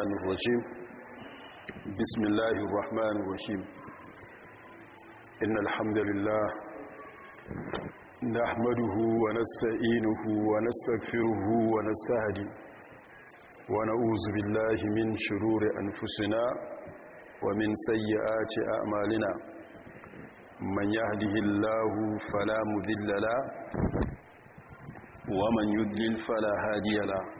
الشيطان الرجيم بسم الله الرحمن الرحيم إن الحمد لله نحمده ونستعينه ونستغفره ونستهدي ونعوذ بالله من شرور أنفسنا ومن سيئات أعمالنا من يهده الله فلا مذل له ومن يدلل فلا هادي له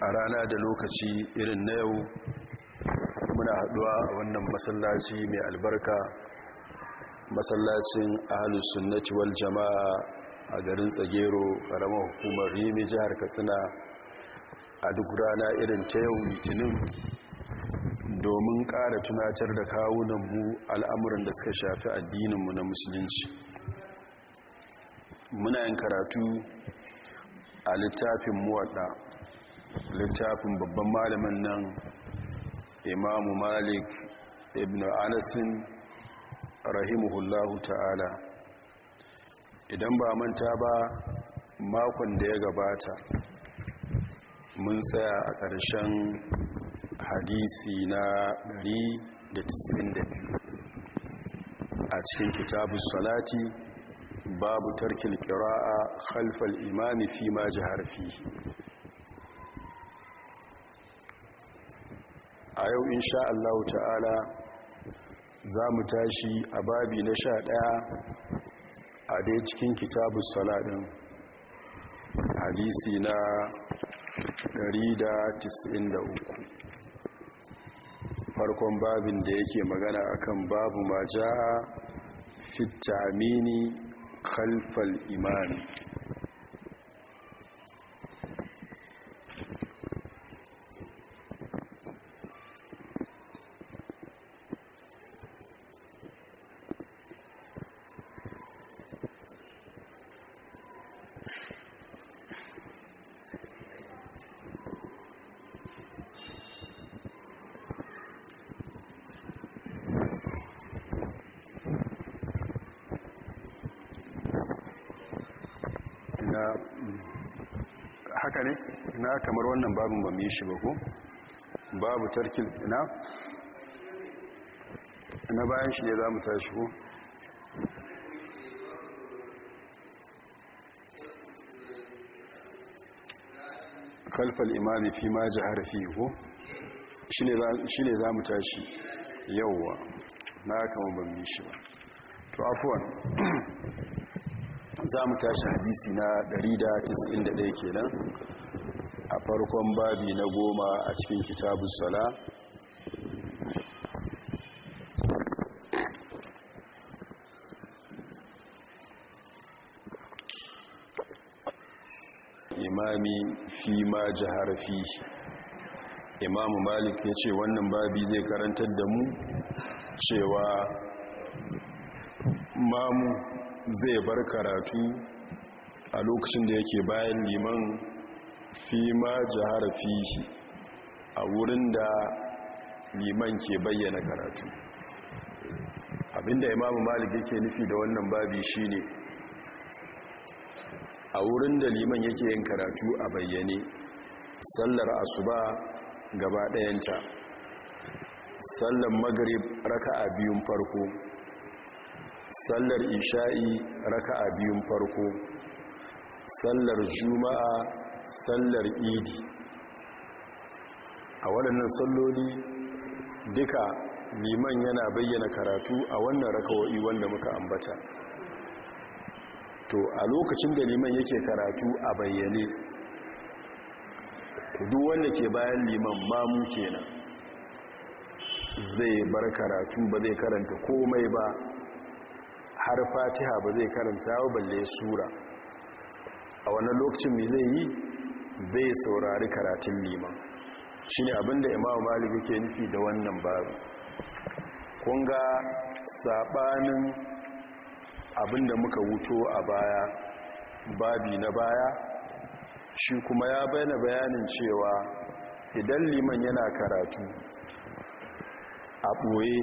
a rana da lokaci irin na yau muna haɗuwa a wannan masallaci mai albarka masallacin ahalus sunnati wal jama'a a garin tsagero karamar hukumar rimi jihar katsina a duk rana irin ta yau litinin domin ƙara tunatar da kawunanmu al'amuran da suka shafi addininmu na musulunci muna yin karatu a littafin muwaɗa littafin babban malamin nan imamu malik ibn anasin rahimuhullahu ta'ala idan ba manta ba makon da ya gabata mun tsaya a ƙarshen hadisi na 192 a cikin kitabun salati babu tarkin kira'a khalfal imani fi ma jihar fi a yau insha Allah ta'ala za mu tashi a babi na sha ɗaya a dai cikin kitabu saladin hadisi na 193 farkon babin da yake magana akan babu ma ja'a fit tamini khalfal imani wannan babin ba mu yi shi ba ko babu tarkin na na bayan shi ne za mu tashi ko kalfal imami fi ma ji harafi ko shi ne za mu tashi yauwa na kama mu yi shi ba to afuwan za mu tashi hadisi na 191 kenan farkon babi na goma a cikin kitabun sala imami fi ma jihar fi imamu malik ya ce wannan babi zai karantar da mu cewa mamu zai bar karatu a lokacin da yake bayan liman fi ma jihara fihi a wurin da liman ke bayyana karatu abinda imamu malik yake nufi da wannan babi shine a wurin da liman yake yin karatu a bayyane sallar asuba gaba dayanta sallar magrib raka'a biyun farko sallar isha'i raka'a biyun farko sallar juma'a sallar idi a waɗannan salloli duka liman yana bayyana karatu a wannan rakawa'i wanda muka ambata to a lokacin da liman yake karatu a bayyane duk wanda ke bayan liman mamu kenan zai bar karatu ba zai karanta komai ba har fatiha ba zai karanta balle sura a wannan lokacin mai zai yi zai saurari karatun liman shi ne abinda imamu malik yake nufi da wannan babu kun ga saɓanin abinda muka wuto a baya babi na baya shi kuma ya bayyana bayanin cewa idan liman yana karatu a ɓoye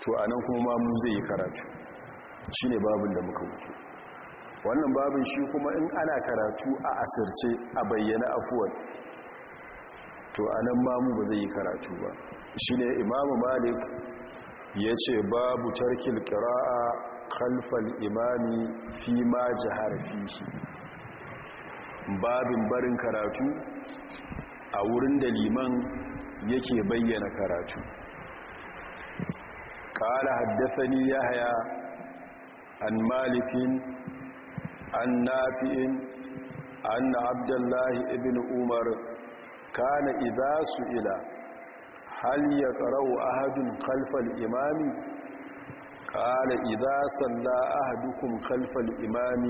to a kuma mamun zai yi karatu shi ne babin da muka wuto wannan babin shi kuma in ana karatu a asirce a bayyana afuwar to a nan mamu ba zai yi karatu ba shi ne imamu malik ya ce babu tarkil kira'a kalfal imami fi ma jihar shi, babin barin karatu a wurin da liman yake bayyana karatu haddasa ni ya haya an Malikin. عن نافع عن عبد الله بن عمر كان إذا سئل هل يقرأ أحد خلف الإمام قال إذا صلى أحدكم خلف الإمام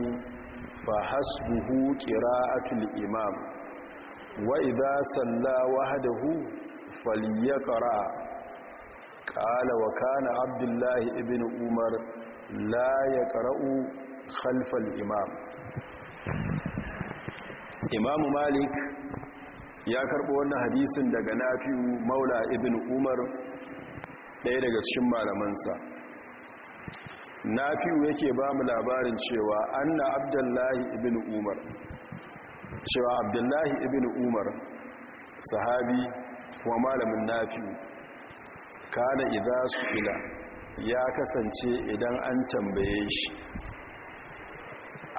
فحسبه قراءة الإمام وإذا صلى وحده فليقرأ قال وكان عبد الله بن عمر لا يقرأ khalfal imam imamu malik ya karɓo wannan hadisin daga nafi'u maula ibn umar ɗaya daga cikin malamansa nafi'u yake ba mu labarin cewa anna abdullahi ibn umar cewa abdullahi ibn umar sahabi kuma malamin nafi'u kana idza su'ila ya kasance idan an tambaye shi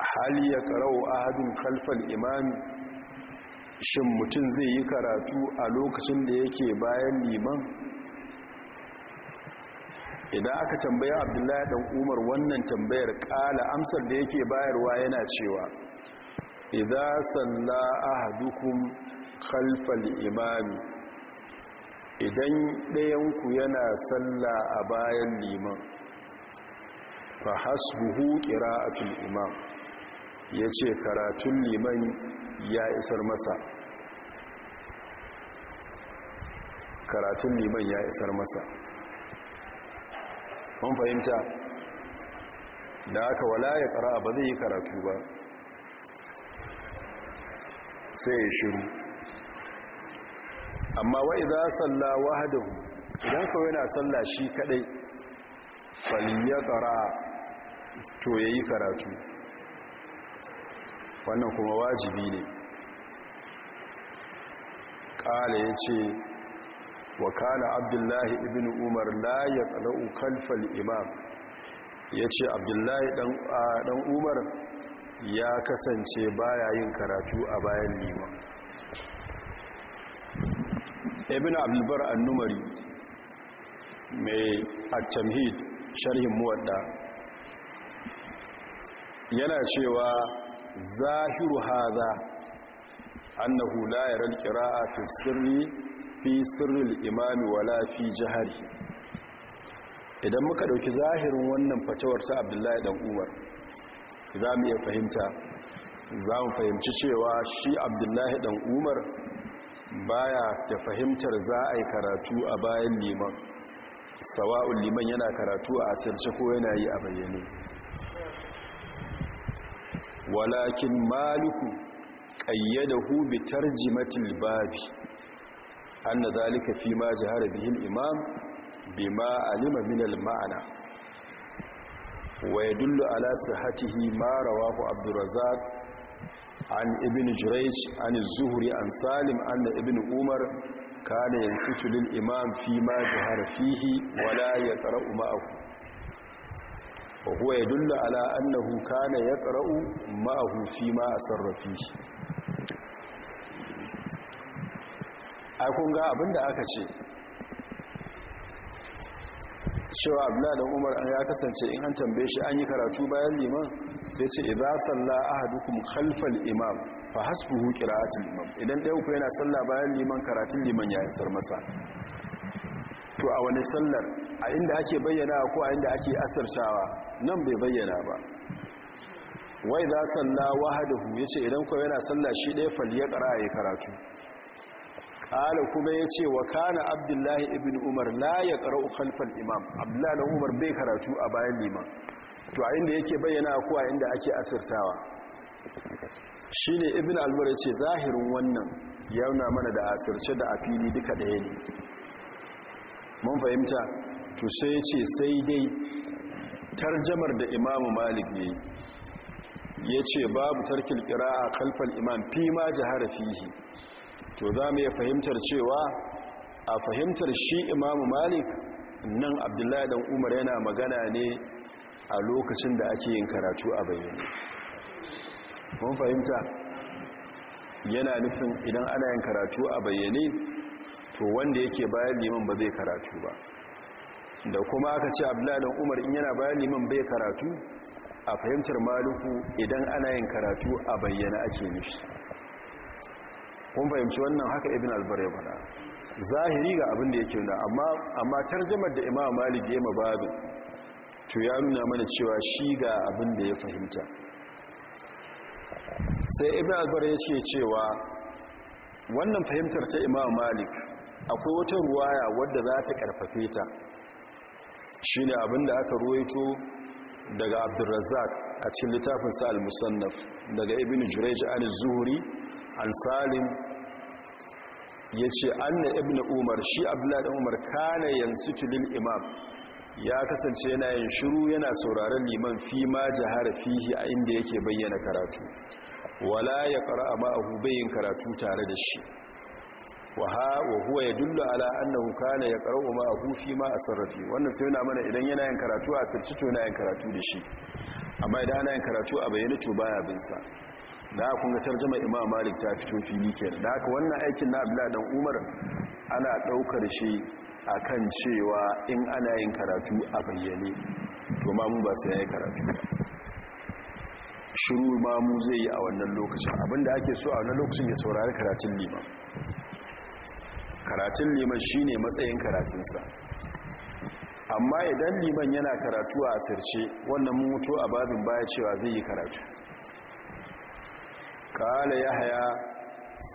hali ya karau ahadun kalfal imami shin mutum zai yi karatu a lokacin da yake bayan liman idan aka tambaya abdullahi dan umar wannan tambayar kala amsar da yake bayarwa yana cewa idan salla ahadukum khalfal imami idan ɗayanku yana salla a bayan liman fa hasbuhu qira'atul imam ya ce karatun liman ya isar masa karatun liman ya isar masa mun fahimta da aka wala ya kara ba zai yi karatu ba sai ya shiru amma wai za a salla wahadahu idan kawai yana salla shi kadai fali ya kara to ya yi karatu wannan kuma wajibi ne ƙala ya ce wa kana abdullahi ibn umar la ya tsana'u kalfal imam ya ce abdullahi ɗan umar ya kasance baya yin karatu a bayan liman ibn abdulbar annumari mai tamhid sharhin muwadda yana cewa zahiru haza annahu la yara a fi sirri fi sirri al-imami wala fi jahri idan muka dauki zahirin wannan fatawar ta Abdullahi dan Umar za mu iya fahimta za mu fahimci cewa shi Abdullahi dan Umar baya da fahimtar za a yi karatu a bayan liman sawa'un liman yana karatu a asirce ko yana yi a bayyane ولكن مالك قيده بترجمه الباب ان ذلك فيما جهر به الامام بما علم من المعنى ويدل على صحته ما رواه عبد الرزاق عن ابن جريج عن الزهري عن سالم أن ابن عمر كان ينسك للإمام فيما جهر فيه ولا يترؤم اخوه wa ya dulla ala annahu kana yaqra'u ma'ahu fi ma asarrafi ai kun ga abinda aka ce cewa abdullahi da umar ya kasance in an tambaye shi an yi karatu bayan liman sai ce idza salla ahadukum khalfal imam fa hasbuhu qira'atul imam idan ɗaya ku yana salla bayan liman karatun liman ya isar masa to a wani sallar a inda ake bayyana ko a inda ake asartawa nan bai bayyana ba wai za salla hu ya ce idan kuwa yana salla shi ɗaya ya ƙara ya karatu ƙala kuma ya ce wa kana abdullahi ibn umar la ya ƙara kalfan imam abdullahi umar bai karatu a bayan liman to a inda yake bayyana kuwa inda ake asirtawa shi ne ibn albar ya ce zahirin wannan ya yana mana da asirce da a fili duka ɗaya ne mun fahimta to sai ce sai dai tarjamar da imamu malik ne ya ce babu tarkil a kalfal imam fi ma jihar fihi to za mu fahimtar cewa a fahimtar shi imamu malik nan abdullahi dan umar yana magana ne a lokacin da ake yin karatu a bayyane mun fahimta yana nufin idan ana yin karatu a bayyane to wanda yake bayan liman ba zai karatu ba da kuma aka ce abdullahi umar in yana bayan liman bai karatu a fahimtar maluku idan ana yin karatu a bayyana ake nufi kun fahimci wannan haka ibn albar ya faɗa zahiri ga abin da yake nuna amma amma tarjamar da imam malik ya mababi to ya nuna mana cewa shi ga abin da ya fahimta sai ibn albar ya ce cewa wannan fahimtar ta imam malik akwai wata ruwaya wadda za ta karfafe ta shi ne abinda aka ruwaito daga abdulrazak a cikin littafin sa'al musannaf daga ibn jurej an zuhuri an salim ya ce anna ibn umar shi abdullahi umar kana yansu tilil imam ya kasance yana yin shiru yana sauraron liman fi ma jihar fihi a inda yake bayyana karatu wala ya ƙara ma'ahu bayin karatu tare da shi wa huwa ya dullu ala annahu kana ya qara'u ma a fi ma sarrafi. wannan sai yana mana idan yana yin karatu a sirri to yana yin karatu da shi amma idan ana yin karatu a bayyane to baya bin sa da kun ga tarjuma imam malik ta fito fili kenan da haka wannan aikin na abdullah dan umar ana daukar shi akan cewa in ana yin karatu a bayyane to ma mu ba sai yayi karatu shiru ma mu zai yi a wannan lokacin abinda ake so a wannan lokacin ya saurari karatun liman karatun liman shine matsayin karatunsa amma idan liman yana karatu a asirce wannan mutu a babin baya cewa zai yi karatu kala ya haya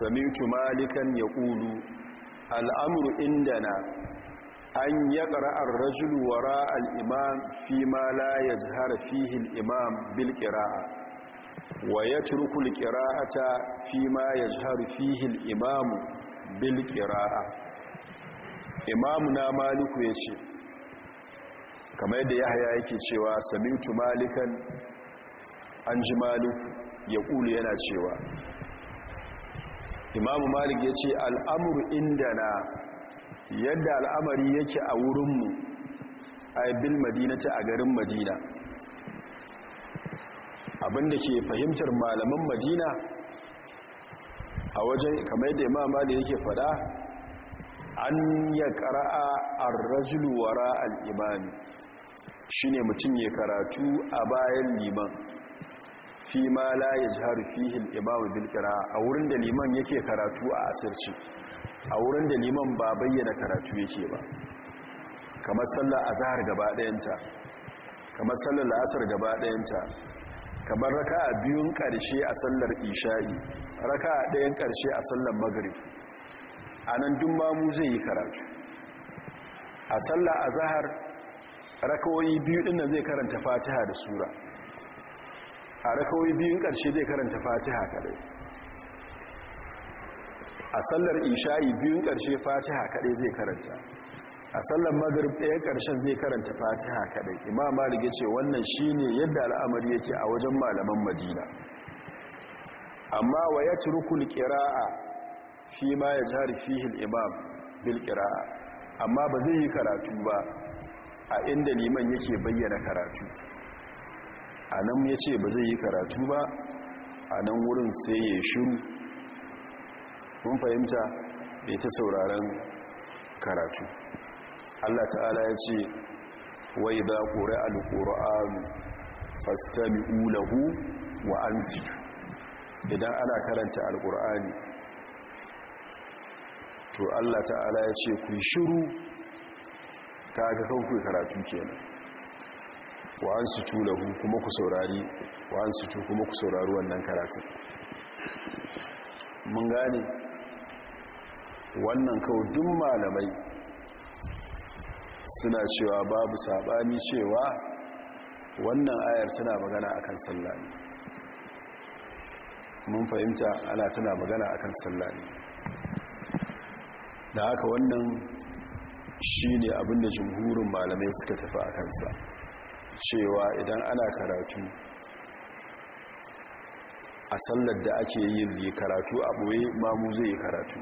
samitu malikan ya ƙulu al'amuru na, an ya ƙara'ar rajulu wara al'imam fi ma la ya jihara fihil imam bil ƙira'a wa ya turkul ƙira'ata fi ma ya jihara fihil imamu Bilkira'a, imamu na maliku ya ce kamar da yahya yake cewa sami'tu malikan an ji maliku ya kulu yana cewa imamu malik ya ce al'amur na yadda al'amari yake a wurinmu a bil madina ce a garin madina abinda ke fahimtar malaman madina a wajen kamar yadda imam mali yake fada an ya kara'a ar-rajulu wara al-imami shine mutum ya karatu a bayan liman fi ma la yajharu fihi al-imam bil qira'a a wurin da liman yake karatu a asirci a wurin da liman ba bayyana karatu yake ba kamar sallar azhar gaba dayanta kamar sallar la'asar gaba dayanta kamar raka a biyun ƙarshe a sallar isha'i raka a ɗayan ƙarshe a sallar magrib a nan dun mu zai yi karatu a sallar a zahar rakawoyi biyu ɗin nan zai karanta fatiha da sura a rakawoyi biyun ƙarshe zai karanta fatiha kaɗai, a sallar isha'i biyun ƙarshe fatiha kaɗai zai karanta a sallar magrib ɗaya ƙarshen zai karanta fatiha kaɗai imam malik ya ce wannan shine yadda al'amari yake a wajen malaman madina amma wa ya ci rukun ƙira'a fi ma ya jari fihin imam bil ƙira'a amma ba zai yi karatu ba a inda liman yake bayyana karatu a nan ya ce ba zai yi karatu ba a nan wurin sai ya shiru mun fahimta ya ta sauraren karatu Allah ta'ala ya ce wa idza qura al-qur'an fastami'u lahu wa ansitu idan ana karanta al-qur'ani to Allah ta'ala ya ce ku shiru Ta kaga kanku karatu kenan wa tu lahu kuma ku saurari wa tu kuma ku saurari wannan karatu mun gane wannan kawai duk malamai suna cewa babu saɓani cewa wannan ayar tana magana akan kan sallani mun fahimta ana tana magana akan kan sallani da haka wannan shi ne abinda jimhurin malamai suka tafi a kansa cewa idan ana karatu a sallar da ake yin karatu a ɓoye mamu zai yi karatu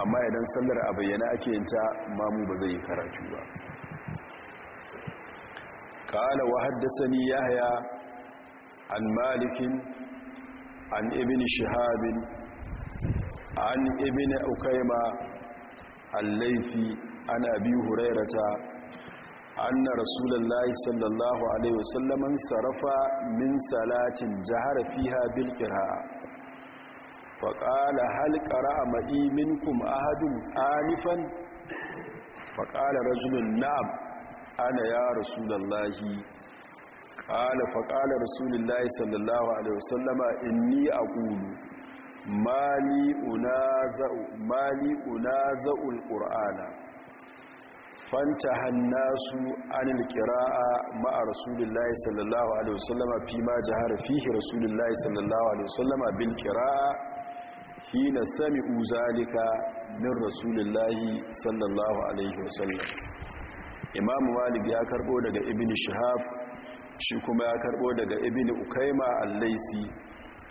amma idan sallar a bayyana ake yin ta mamu ba zai yi karatu ba ƙala wa ya haya an malikin an ibin shahabin, an ibin ukaima allaifi an abi hurairata anna rasulullahi sallallahu alaihi wasallaman sarrafa min salatin jahara fiha bilkira. faƙala halƙara a ma'imin kuma kum ahadun anifan faƙala rasulun na'am ana ya rasulallahi ƙala faƙala rasulullahi sallallahu alaihi wasallama inni a ƙulu mali una za'ul ƙur'ana fanta hannasu anil kira'a ma'a rasulullahi sallallahu alaihi wasallama fi ma jihar fihi rasulullahi sallallahu alaihi wasallama bin kira'a hina sami uzalika min rasulullahi sallallahu alaihi wasallam imamu malik ya karbo daga ibn shihab shi kuma ya karbo daga ibn ukaima al-laisi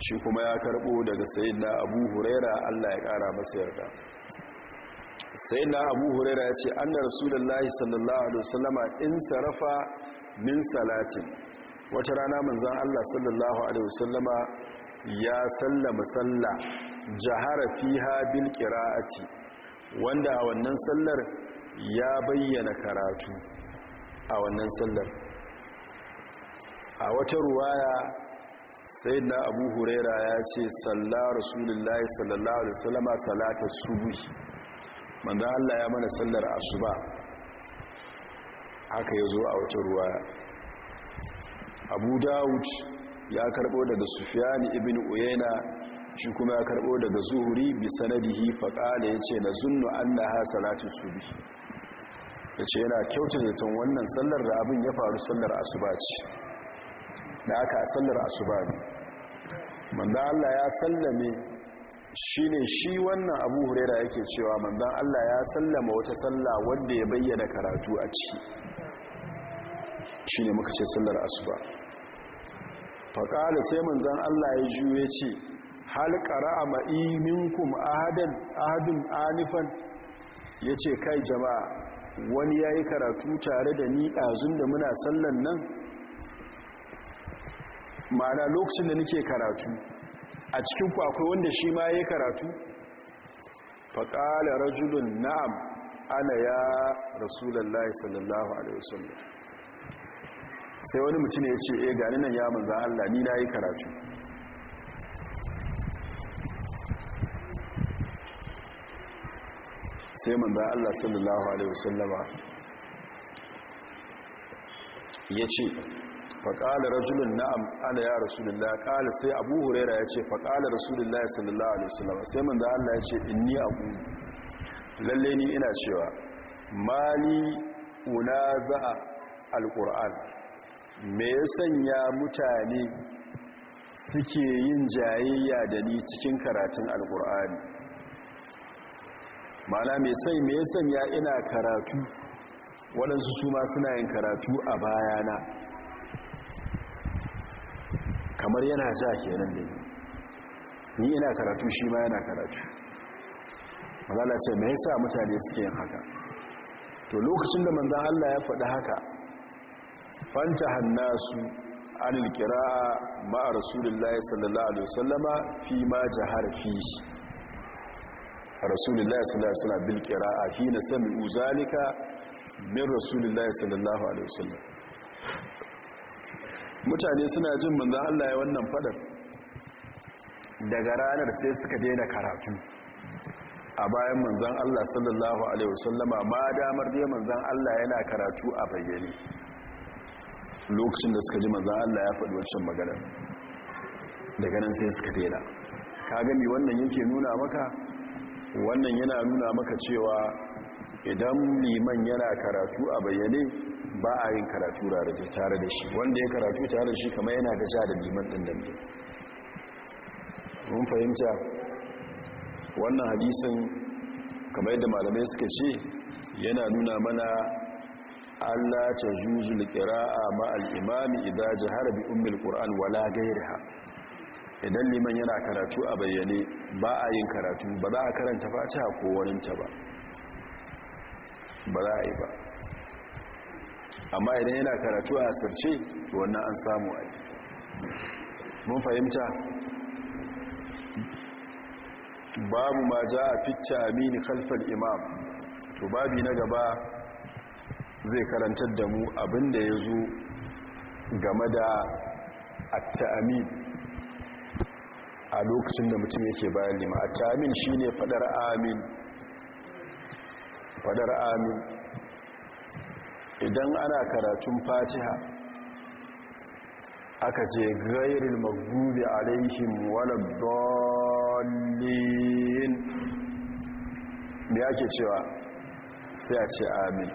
shi kuma ya karbo daga sayyidina abu huraira Allah ya kara masa yarda sayyidina abu huraira ya ce annar rasulullahi sallallahu alaihi wasallama in sarafa min salatin wata rana manzon Allah sallallahu alaihi wasallama ya sallama sallah jahara fiha bil qira'ati wanda a wannan sallar ya bayyana karatu a wannan sallar a wata ruwaya sai na abu huraira ya ce salla rasulullahi sallallahu alaihi wasallama salatar subuhi manzan allah ya mana sallar asuba haka ya zo a wata ruwaya. abu dawud ya karbo daga sufiyani ibn uyaina shi kuma ya karbo daga zuhuri bi sanadihi faqala yace na zunnu annaha salatu subhi yace yana kyautar tun wannan sallar da abin ya faru sallar asuba ce da aka sallar asuba ne manzo Allah ya sallame shine shi wannan Abu Huraira yake cewa manzo Allah ya sallama wata salla wanda ya bayyana karatu a ciki shine muka ce sallar asuba faqala sai manzon Allah ya juye ce hal a ma'i minkum ahadan ahadun anifan ce kai jama'a wani ya yi karatu tare da ni dazun da muna sallan nan ma'ana lokacin da nake karatu a cikin kwakwai akwai wanda shi ma yayi karatu faƙala rajulun na'am ana ya rasulullahi sallallahu alaihi wasallam sai wani mutum ya ce e eh, gani nan ya manzan Allah ni na yi karatu sai manzan Allah sallallahu alaihi wasallama ya ce qala rajulun na'am ala ya rasulullah qala sai abu huraira ya ce qala rasulullah sallallahu alaihi wasallama sai manzan Allah ya ce inni abu lalle ni ina cewa mali unaza za'a me ya sanya mutane suke yin jayayya da ni cikin karatun alqur'ani mana mai sai mai sanya ina karatu waɗansu su ma suna yin karatu a bayana kamar yana ke kenan da ni ina karatu shi ma yana karatu mazala ce mai sa mutane suke yin haka to lokacin da manzan Allah ya faɗi haka fanta hannasu anil kira ma'a rasulullahi sallallahu alaihi wasallama fi ma jahar fi rasulullahi sallallahu alaihi wasallam bilqira'a hina sami'u zalika min rasulullah sallallahu alaihi wasallam mutane suna jin manzo Allah ya wannan fadar daga ranar sai suka daina karatu a bayan manzon Allah sallallahu alaihi wasallama ma damar dai manzon Allah yana karatu a bayyane lokacin da suka ji manzon Allah ya faɗi wancan magana daga nan sai suka daina ka gami wannan yake nuna maka wannan yana nuna maka cewa idan liman yana karatu a bayyane ba a yin karatu tare da shi wanda ya karatu tare da shi kama yana gaja da liman ɗin dambe mun fahimta wannan hadisin kama yadda malamai suka ce yana nuna mana Allah ta likira a ma'al imami idan jihar bi ummul Qur'an wala gairaha idan liman yana karatu a bayyane ba a yin karatu ba za a karanta fatiha ko waninta ba ba za a yi ba amma idan yana karatu a asirce wannan an samu a mun fahimta babu ma ja a fita amini kalfar imam to babi na gaba zai karantar da mu abinda ya zo game da at-ta'amin a lokacin da mutum yake bayan lima a tamin shi ne fadar amin fadar amin idan ana karatun fatiha aka ce gairil magdubi alaihim waladdallin me ke cewa sai a ce amin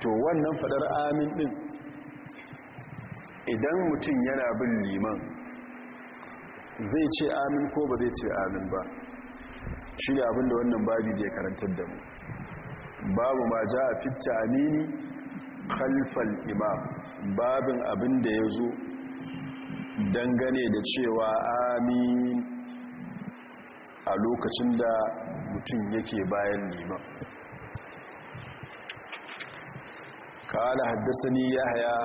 to wannan fadar amin din idan mutum yana bin liman zai ce amin ko ba zai ce amin ba shi ne abinda wannan babi da ya karantar da mu babu ma ja a fita amini khalfal imam babin abinda ya zo dangane da cewa amin a lokacin da mutum yake bayan liman قال حدثني يحيى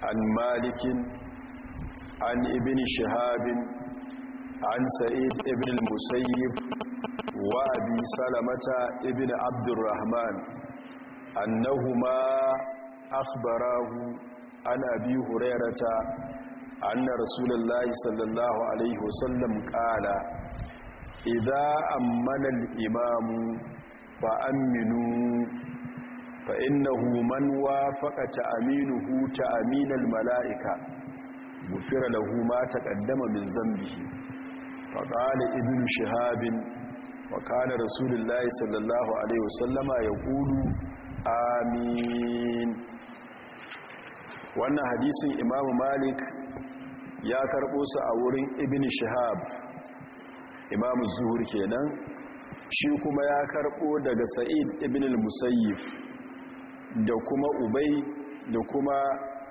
an malikin an ibn Shihabin, an sa'id ibn musayyib wa abi salamata ibn abdurrahman annahuma akhbarahu an abi hurairata anna rasulullahi sallallahu alaihi wasallam qala idza ammana al-imamu fa aminu fa innahu man wafaqa ta'minuhu ta'minal mala'ika gufira lahu ma taqaddama min zambihi fa qala ibn shihab wa kana rasulullahi sallallahu alaihi wasallama yaqulu amin wannan hadisin imamu malik ya karbo su a wurin ibn shihab imamu zuhur kenan shi kuma ya karɓo daga sa'id ibn al da kuma ubai da kuma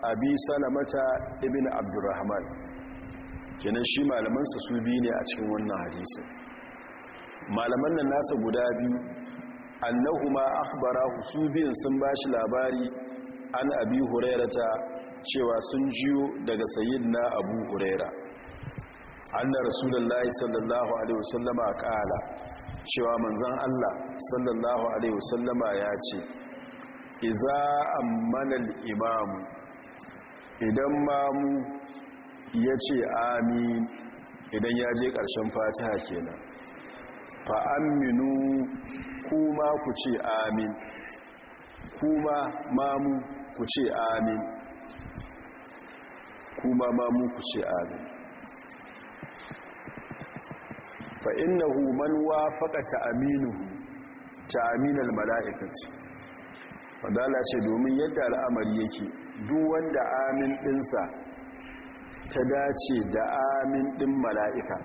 abi salamata ibn abdurrahman kenan shi malamansa su biyu ne a cikin wannan hadisin malaman nan nasa guda biyu annahuma akhbarahu su biyun sun bashi labari an abi hurairata cewa sun jiyo daga sayyidina abu huraira annar rasulullahi sallallahu alaihi wasallama kala cewa manzon Allah sallallahu alaihi wasallama ya ce iza ammanal imamu idan mamu ya ce amin idan ya je ƙarshen fatiha kenan fa'amminu kuma ku ce amin kuma mamu ku ce amin kuma mamu ku ce amin fa'innahu man wafaƙa ta aminu ta aminal mala'ikaci fadala ce domin yadda al'amari yake duk wanda amin ɗinsa ta dace da amin ɗin mala'ika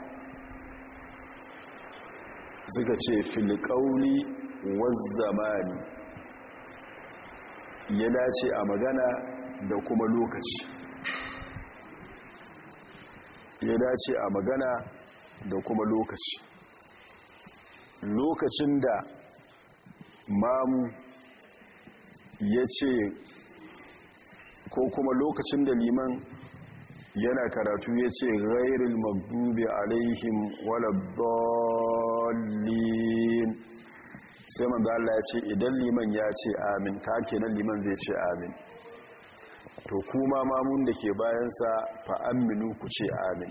suka ce filikauli wazzamani ya dace a magana da kuma lokaci ya dace a magana da kuma lokaci lokacin da mamu ya ce ko kuma lokacin da liman yana karatu ya ce ghairil magdubi alaihim waladdallin sai manzo Allah ya ce idan liman ya ce amin ta kenan liman zai ce amin to kuma mamun da ke bayansa fa aminu ku ce amin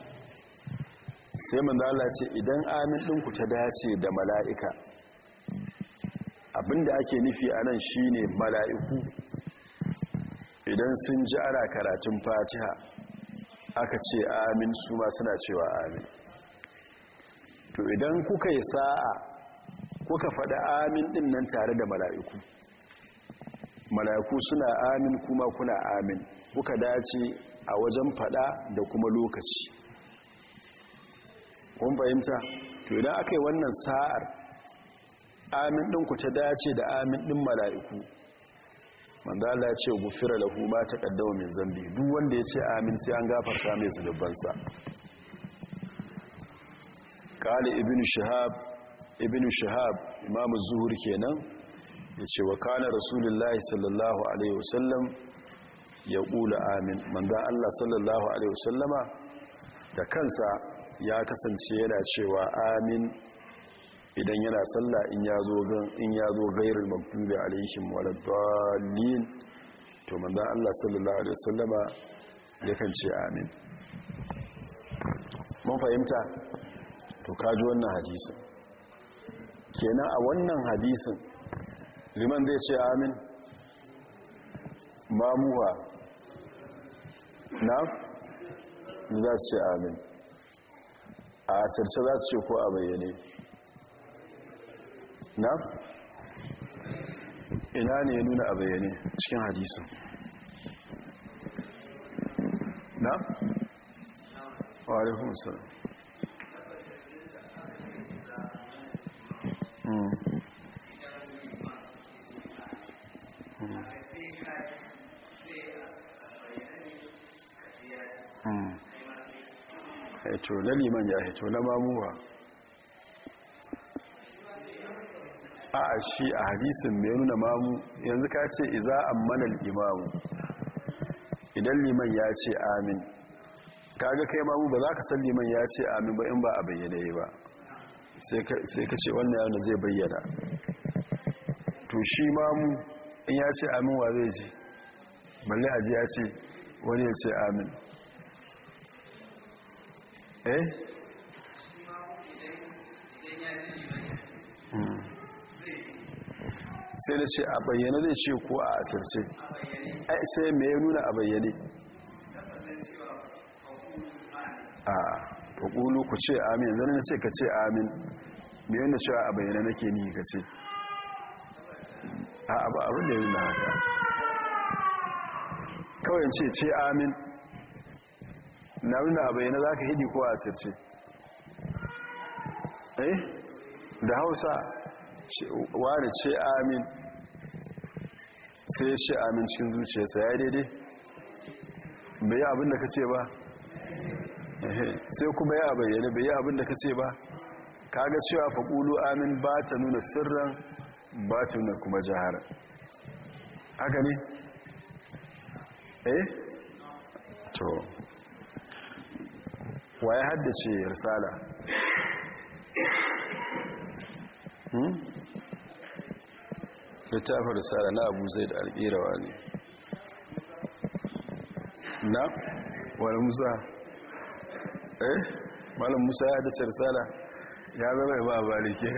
sai manzo Allah ce idan amin ɗinku ta dace da mala'ika Abin da ake nufi a nan shi ne mala'iku idan sun ji ana karatun fatiha aka ce amin su ma suna cewa amin to idan kuka yi sa'a kuka faɗa amin ɗin nan tare da mala'iku mala'iku suna amin kuma kuna amin kuka dace a wajen faɗa da kuma lokaci kun fahimta to idan aka yi wannan sa'ar amin ku ta dace da amin ɗin mala'iku ya ce gufira lahu ma ta ƙaddawa min zambi duk wanda ya ce amin sai an gafarta mai sa kali ibnu shahab ibn shahab imamu zuhur kenan ya ce wa kana rasulullahi sallallahu alaihi wasallam ya kula amin manzo allah sallallahu alaihi wasallama da kansa ya kasance yana cewa amin idan yana sallah in ya zo gan in ya zo gairul maktubi alaihim waladdallin to manzo Allah sallallahu alaihi wasallama yakan ce amin mun fahimta to kaji wannan hadisin kenan a wannan hadisin liman zai ce amin mamuwa na za su ce amin a asirce za su ce ko a bayyane na ina ne ya nuna a bayyane cikin hadisun na wa'alaikun salam haito hmm. hmm. hmm. eh, na liman ya haito na mamuwa a shi a hadisin mai nuna mamu yanzu ka ce iza ammanal imamu idan liman ya ce amin kaga kai mamu ba za ka san liman ya ce amin ba in ba a bayyana yi ba sai ka ce wannan yana zai bayyana to shi mamu in ya ce amin wa zai ji balle a ji ya ce wani ya ce amin eh sai na ce a bayyane zai ce ko a asirce sai mai ya nuna a bayyane a ƙulu ku ce amin na ce ka ce amin mai yana cewa a bayyane nake ni ka ce a abu abin da yi na haka kawai ce ce amin na nuna a bayyane za ka hidi ko a asirce eh da hausa wani ce amin sai shi ce amin cikin zuciyarsa ya daidai bai yi abin da ka ce ba sai kuma ya bayyana bai yi abin da ka ce ba kaga cewa faƙulu amin ba ta nuna sirran ba ta nuna kuma jihar haka ne? eh? to wa ya haddace risala? hmm? littafin risala na abu zai da alƙirawa ne na wani musa eh malam musa ya dace risala ya zama ba balike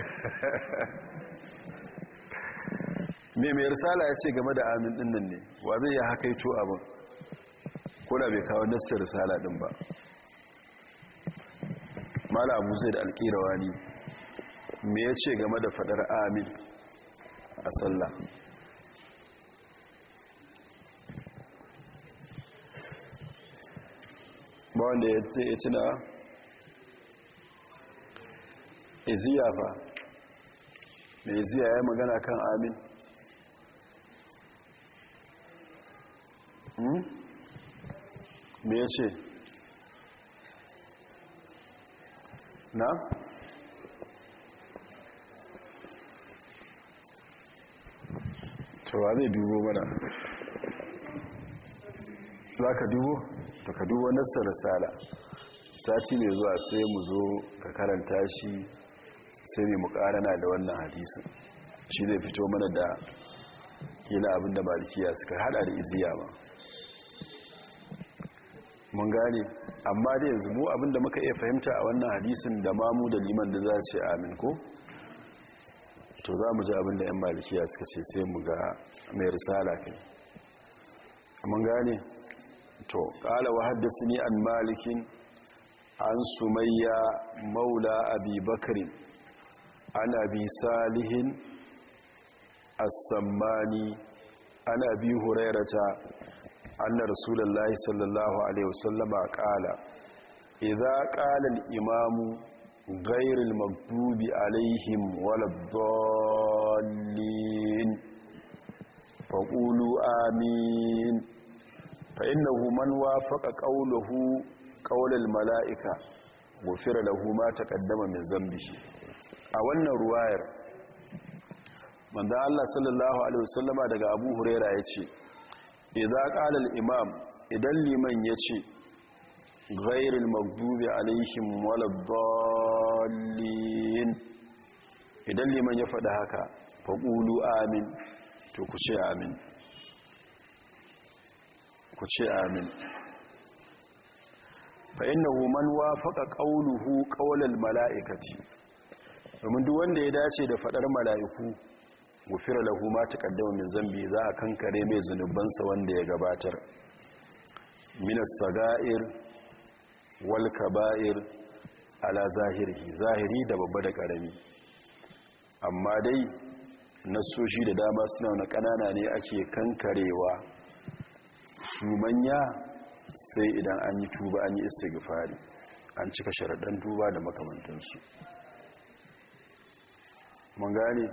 mai mai risala ya ce game da amin dinnan ne wa zai ya hakaito abin kuna bai kawo nassar risala din ba malam abu zai da alƙirawa ne me ya ce game da fadar amin a sallah ba wanda ya ce ya tuna iziya ba mai iziya ya magana kan amin hmm? me ya ce na? wa zai dubo mana za ka dubo ta ka dubo nassar sala sati mai zuwa sai mu zo ka karanta shi sai mai mukarana da wannan hadisun shi zai fito mana da kila abinda malikiya suka hada da iziya ba mun gane amma da yanzu mu abinda muka iya fahimta a wannan hadisin da mamu da liman da za ce amin ko to za mu ji abin da 'yan malikiya suka ce sai mu ga mai risala kai mun gane to ƙala wa haddasa ni an malikin an sumayya maula abi bakari an abi salihin asammani sammani an abi hurairata anna rasulallah sallallahu alaihi wasallama ƙala Iza ƙala imamu غير المكتوب عليهم ولا الضالين فقولوا آمين فإنه من وافق قوله قول الملائكة غفر له ما تقدم من ذنبه أولا رواية من ذا الله صلى الله عليه وسلم daga Abu Huraira yace idza qala al-imam idan liman غير المغضوب عليهم ولا الضالين idan liman ya faɗi haka faƙulu amin to ku ce amin ku ce amin fa'innahu man wafaƙa ƙaunuhu ƙaunar mala'ikaci domin duk wanda ya dace da faɗar mala'iku gufira lahu ma ta ƙaddama min zambi za a kankare mai zunubansa wanda ya gabatar minas saga'ir wal kaba'ir ala zahiri zahiri da babba da ƙarami. amma dai nasoshi da dama suna na ƙanana ne ake kankarewa su manya sai idan an yi tuba an yi istighfari an cika sharaɗan tuba da makamantansu mun gane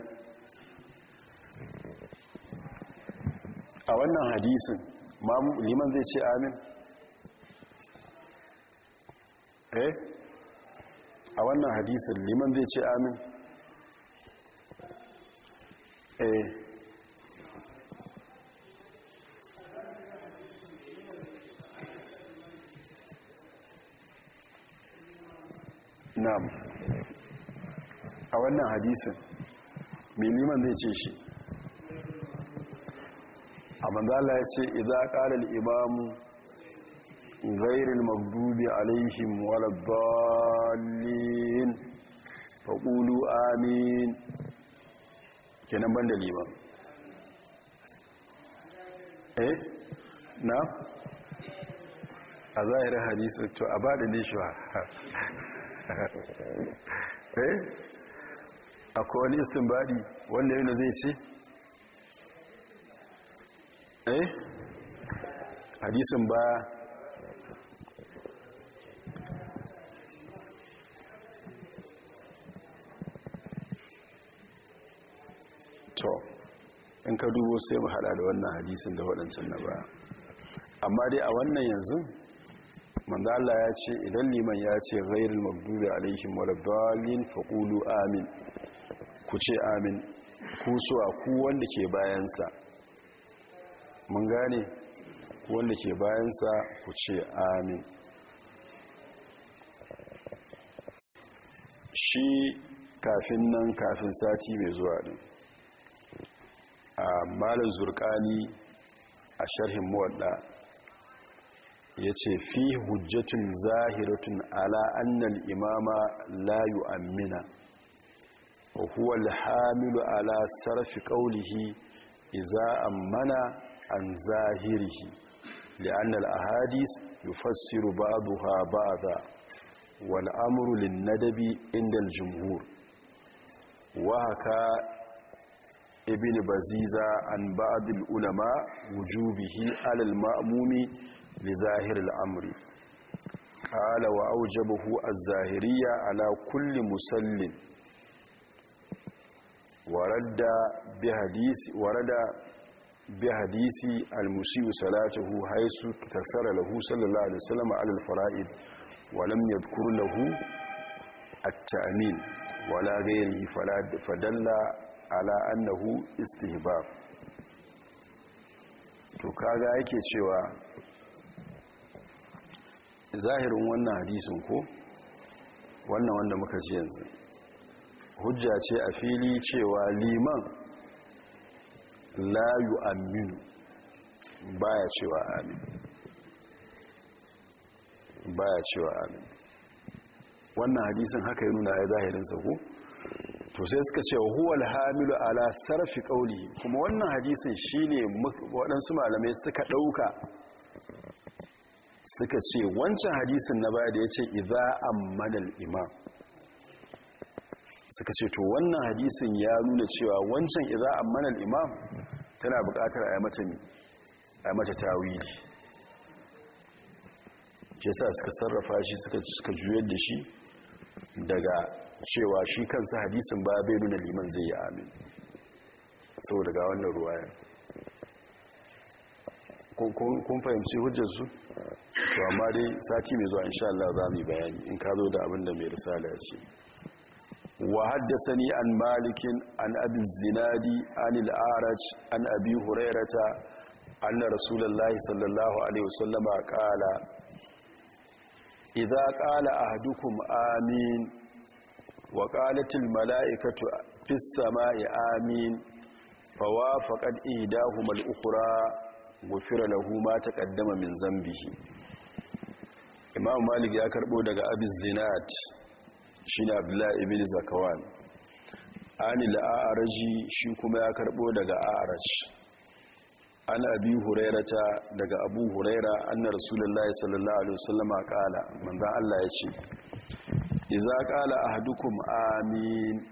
a wannan hadisin liman zai ce amin eh a wannan hadisin liman zai ce amin eh na'am a wannan hadisin mai liman zai ce shi a manzala ya ce idan ƙarar imamu غير المغضوب عليهم ولا الضالين فقولوا آمين kenan ban da liman eh na a zahirar hadisu to a bada ne shi eh akwai wani istinbadi wanda yana zai ce eh hadisun ba to in ka dubo sai mu hada da wannan hadisin da waɗancan na ba amma dai a wannan yanzu manzo Allah ya ce idan liman ya ce ghairul maghdubi alaihim waladdallin faqulu amin ku ce amin ku so a ku wanda ke bayansa mun gane ku wanda ke bayansa ku ce amin shi kafin nan kafin sati mai zuwa din A malin zurkani a sharhin muwadda ya ce fi hujjatun zahiratun ala annal imama layu amina wa huwa alhamilu ala sarfi qawlihi idza ammana an zahirihi لأن الأحاديث يفسر بعضها بعضا والأمر للندب عند الجمهور وهكا ibn baziza an ba'dul ulama wujubihi alal ma'mumi li zahir al-amri qala wa awjabahu az-zahiriyya ala kulli musallin warada bi hadisi warada بحديث المسيء صلاته حيث تكسر له صلى الله عليه وسلم على الفرائض ولم يذكر له التأمين ولا غيره فدل ala annahu istihbab to kaga yake cewa zahirin wannan hadisin ko wannan wanda muka ji yanzu hujja ce a fili cewa liman la yu'minu baya cewa amin baya cewa amin wannan hadisin haka ya nuna ya zahirin sa ko to sai suka ce huwal hamilu ala sarfi kauli kuma wannan hadisin shine waɗansu malamai suka ɗauka suka ce wancan hadisin na baya da ya ce idza ammanal imam suka ce to wannan hadisin ya nuna cewa wancan idza ammanal imam tana buƙatar a mata ne ayi mata tawili yasa suka sarrafa shi suka juyar da shi daga cewa shi kansa hadisin ba bai nuna liman zai yi amin saboda ga wannan ya. kun fahimci hujjarsu to amma dai sati mai zuwa insha Allah za mu bayani in ka zo da abin da mai risala ya ce wa an malikin an abi zinadi an al an abi hurairata an na rasulullahi sallallahu alaihi wasallama qala idza qala ahadukum amin wa qalatil mala'ikatu fis sama'i amin fa wafaqat ihdahumal ukhra ghufira lahu ma taqaddama min zambihi imam malik ya karbo daga abi zinat shine abdullahi ibn zakawan ani la'araji shi kuma ya karbo daga araj an abi hurairata daga abu huraira anna rasulullahi sallallahu alaihi wasallama kala manzo Allah ya ce iza ƙala a hadukun amin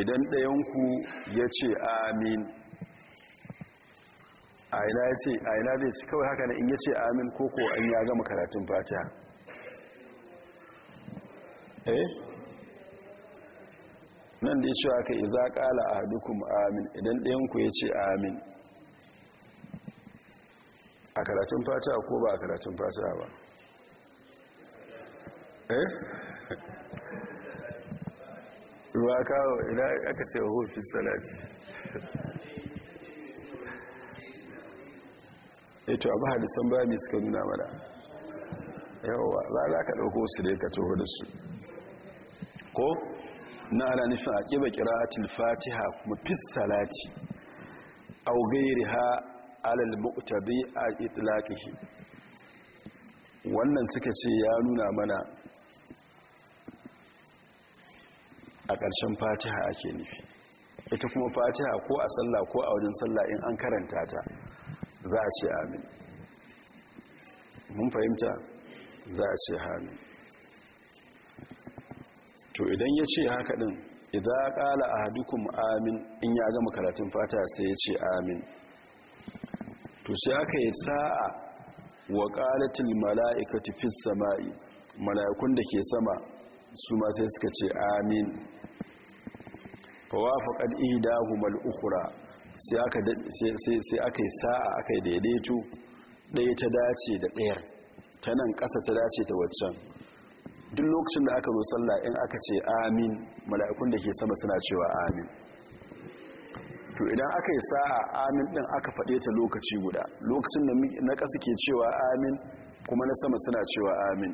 idan ɗayanku ya ce amin a ina ya ce a ina zai kawai haka na in ya ce amin koko an ya gama karatun fata eh nan da ya ce haka iza ƙala a hadukun amin idan ɗayanku ya ce amin a karatun fata ko ba a karatun fata ba ruwa eh? kawo ina aka ce wa hufin salati eto eh abu hadisan ba mai suka nuna mana yawa ba za ka ɗauko su da ya ka toho da su ko na ana nufin a ƙiba ƙira'atul fatiha kuma fis salati au gairi ha alal mu'tadi a itlaqihi wannan suka ce ya nuna mana a ƙarshen fatiha ake nufi ita kuma fatiha ko a sallah ko a wajen sallah in an karanta ta za a ce amin mun fahimta za a ce amin to idan ya ce haka ɗin idan ƙala a hadukun amin in ya gama karatun fatiha sai ya ce amin to sai aka yi sa'a wa ƙalatin mala'ikatu fis sama'i mala'ikun da ke sama su ma sai suka ce amin fawafaqal idahumal ukhra ukura sai aka yi sa'a aka yi daidaito ɗaya ta dace da ɗayar ta nan ƙasa ta dace ta waccan duk lokacin da aka zo sallah in aka ce amin mala'ikun da ke sama suna cewa amin to idan aka yi sa'a amin ɗin aka faɗe ta lokaci guda lokacin da na ƙasa ke cewa amin kuma na sama suna cewa amin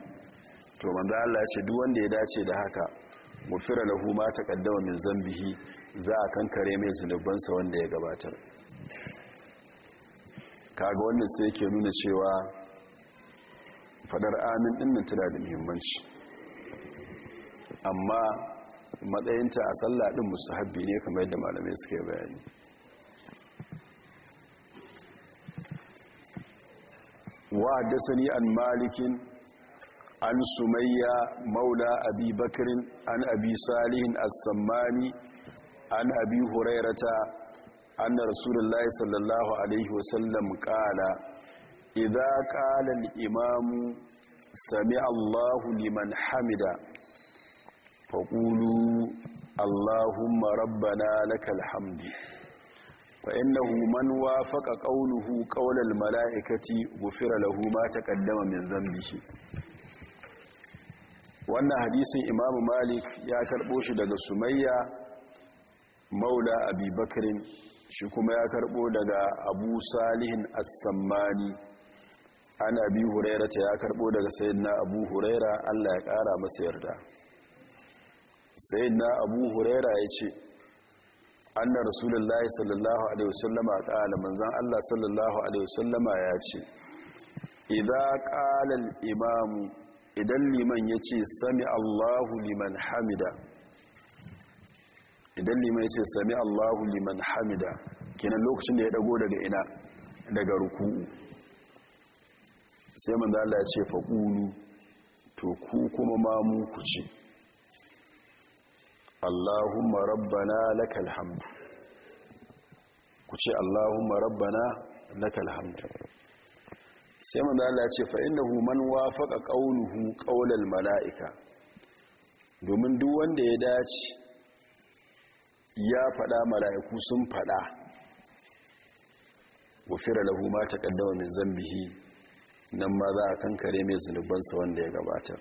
to manzo Allah ce duk wanda ya dace da haka gufira lahu ma taqaddama min zambihi za a kankare mai zunubansa wanda ya gabatar kaga wannan sai yake nuna cewa fadar amin din nan tana da muhimmanci amma matsayinta a sallah din mustahabbi ne kamar yadda malamai suke bayani wa haddathani an malikin an sumayya maula abi bakirin an abi salihin as-sammani an abi hurairata anna rasulullahi sallallahu alaihi wasallam qala idza qala imamu sami Allahu liman hamida Faƙulu. Allahumma rabbana lakal hamdu فإنه من وافق قوله قول الملائكة غفر له ما تقدم من ذنبه wannan hadisin imamu malik ya karɓo shi daga sumayya maula abubakirin shi kuma ya karɓo daga abu salihin assammani an abi huraira ta ya karɓo daga sayidina abu huraira allah ya ƙara masa yarda sayidina abu huraira ya ce anna rasulullahi sallallahu alaihi wasallama ƙala manzan allah sallallahu alaihi wasallama ya ce idan ƙalal imamu idan liman ya ce sami allahu liman hamida idan liman ya ce sami allahu liman hamida kenan lokacin da ya dago daga ina daga ruku'u sai mun Allah ya ce faƙulu to ku kuma mamu ku ce Allahumma rabbana laka alhamdu, ku ce Allahumma rabbana laka alhamdu. sai manzala ya ce fa innahu man wafaqa qawluhu qawlal mala'ika domin duk wanda ya dace ya faɗa mala'iku sun faɗa wafira lahu ma taqaddama min zambihi nan ma za a kankare mai zunubansa wanda ya gabata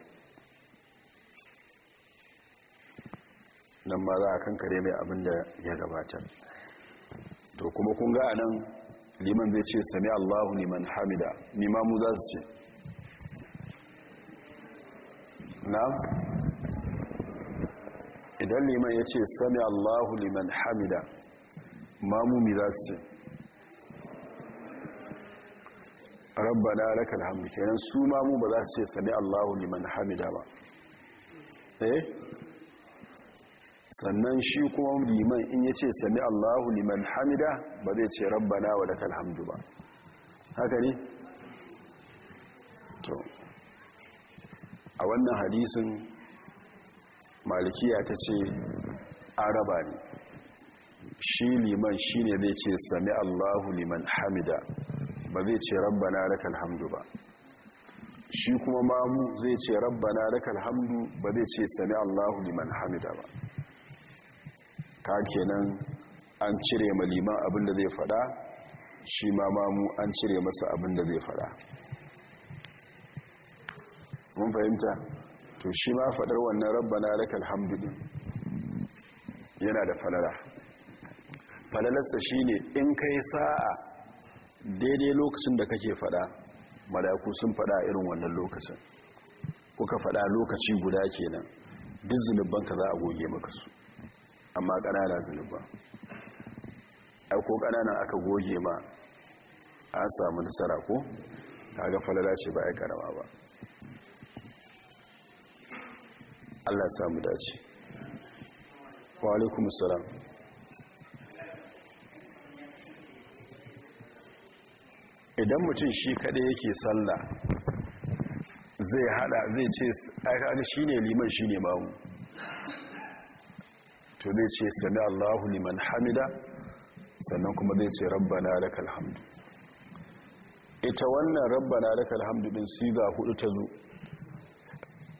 nan ma za a kankare mai abin ya gabata to kuma kun ga anan liman zai ce sami allahu liman hamida mu za su ce na idan liman ya ce sami allahu liman hamida mamumi za su ce rabbana lakal hamdu kenan su ma mu ba za su ce sami Allahu liman hamida ba eh sannan shi kuma liman in ya ce sami Allahu liman hamida ba zai ce rabbana wa lakal hamdu ba haka ne to a wannan hadisin malikiya ta ce araba ne shi liman shi ne zai ce sami allahu liman hamida ba zai ce rabbana lakal hamdu ba shi kuma mamu zai ce rabbana lakal hamdu ba zai ce sami allahu liman hamida ba ka kenan an cire maliman abinda zai fada shi ma mamu an cire masa abinda zai fada mun fahimta to shi ma fadar wannan rabbana na hamdu yana da falala falalarsa ne in kai sa'a daidai lokacin da kake fada malaku sun fada irin wannan lokacin kuka fada lokaci guda kenan duk zunubanka za a goge maka su amma ƙanana zunuba a ko ƙanana aka goge ma a samu nasara ko kaga falala ce ba ai karama ba Allah samu dace wa salam. idan mutum shi kada yake sallah zai hada zai ce ai shi ne liman shi ne mamu to zai ce sami allahu liman hamida sannan kuma zai ce rabbana lakal hamdu ita wannan rabbana lakal hamdu din su siga hudu ta zo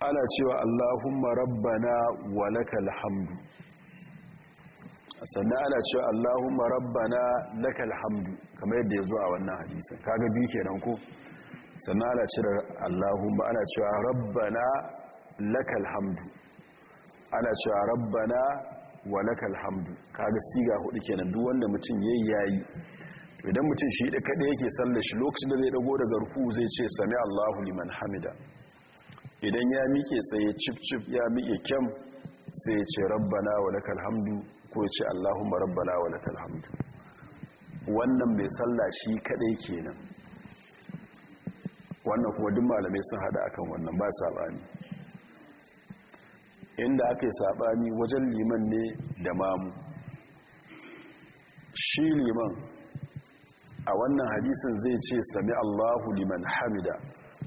ana cewa allahumma rabbana wa lakal hamdu sannan ana cewa allahumma rabbana lakal hamdu kamar yadda ya zo a wannan hadisin kaga bi kenan ko sannan ana cire allahumma ana cewa rabbana lakal hamdu ana cewa rabbana wa lakal hamdu kaga siga hudu kenan duk wanda mutum yayi yayi idan mutum shi da kada yake sallar shi lokacin da zai dago daga ruku zai ce sami Allahu liman hamida idan ya mike tsaye chip chip ya mike kyam sai ya ce rabbana wa lakal hamdu ko ya ce Allahumma rabbana wa lakal hamdu wannan mai sallah shi kadai kenan wannan kuma duk malamai sun hada akan wannan ba sabani inda aka yi saɓani wajen liman ne da mamu shi liman a wannan hadisin zai ce sami allahu liman hamida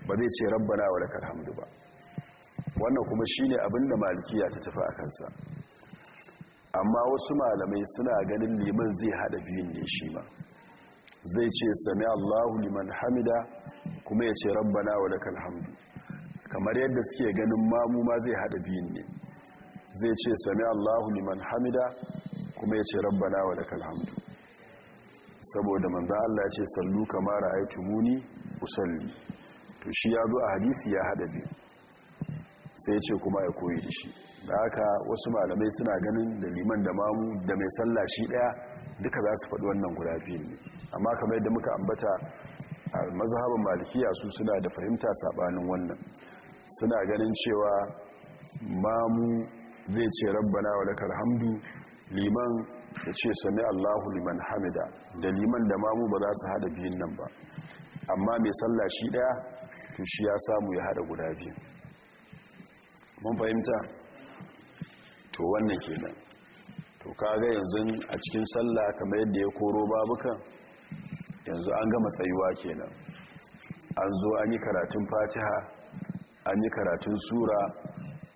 ba zai ce rabbana wa lakar hamdu ba wannan kuma shi ne abinda malikiya ta tafi a kansa amma wasu malamai suna ganin liman zai haɗa biyun ne shi ma zai ce sami allahu liman hamida kuma ya ce rabbana wa lakar hamdu kamar yadda suke ganin mamu ma zai hada biyun ne zai ce sami allahu liman hamida kuma ya ce rabbana wa lakal kalhamdu saboda manza Allah ya ce sallu kamar kama ra'aytumuni usalli to shi ya zo a hadisi ya hada biyu sai ya ce kuma ya koyi da shi da haka wasu malamai suna ganin da liman da mamu da mai sallah shi daya duka za su faɗi wannan guda biyun ne amma kamar yadda muka ambata a mazhabin malikiya su suna da fahimta sabanin wannan suna ganin cewa mamu zai ce rabbana wa lakar hamdu liman ya ce sami allahu liman hamida da liman da mamu ba za su hada biyun nan ba amma mai sallah shi daya to shi ya samu ya hada guda biyu mun fahimta to wannan kenan to kaga yanzu a cikin sallah kamar yadda ya koro babukan yanzu an gama tsayuwa kenan an zo an yi karatun fatiha an yi karatun sura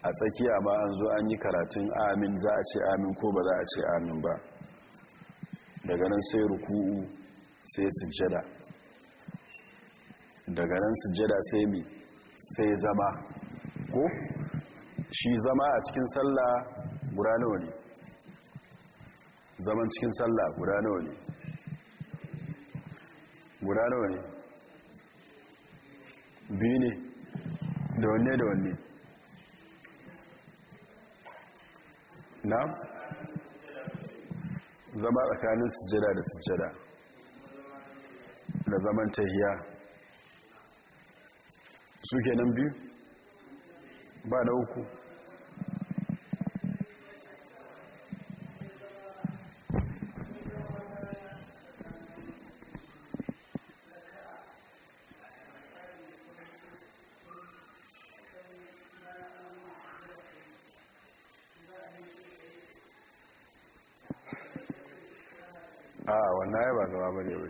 a tsakiya ba an zo an yi karatun amin za a ce amin ko ba za a ce amin ba daga nan sai ruku'u sai sujjada daga nan sujjada sai mi sai zama ko shi zama a cikin sallah guda nawa ne zaman cikin sallah guda nawa ne guda nawa ne biyu ne da wanne da wanne na zama tsakanin sujada da sujada da zaman tahiya su nan biyu ba da uku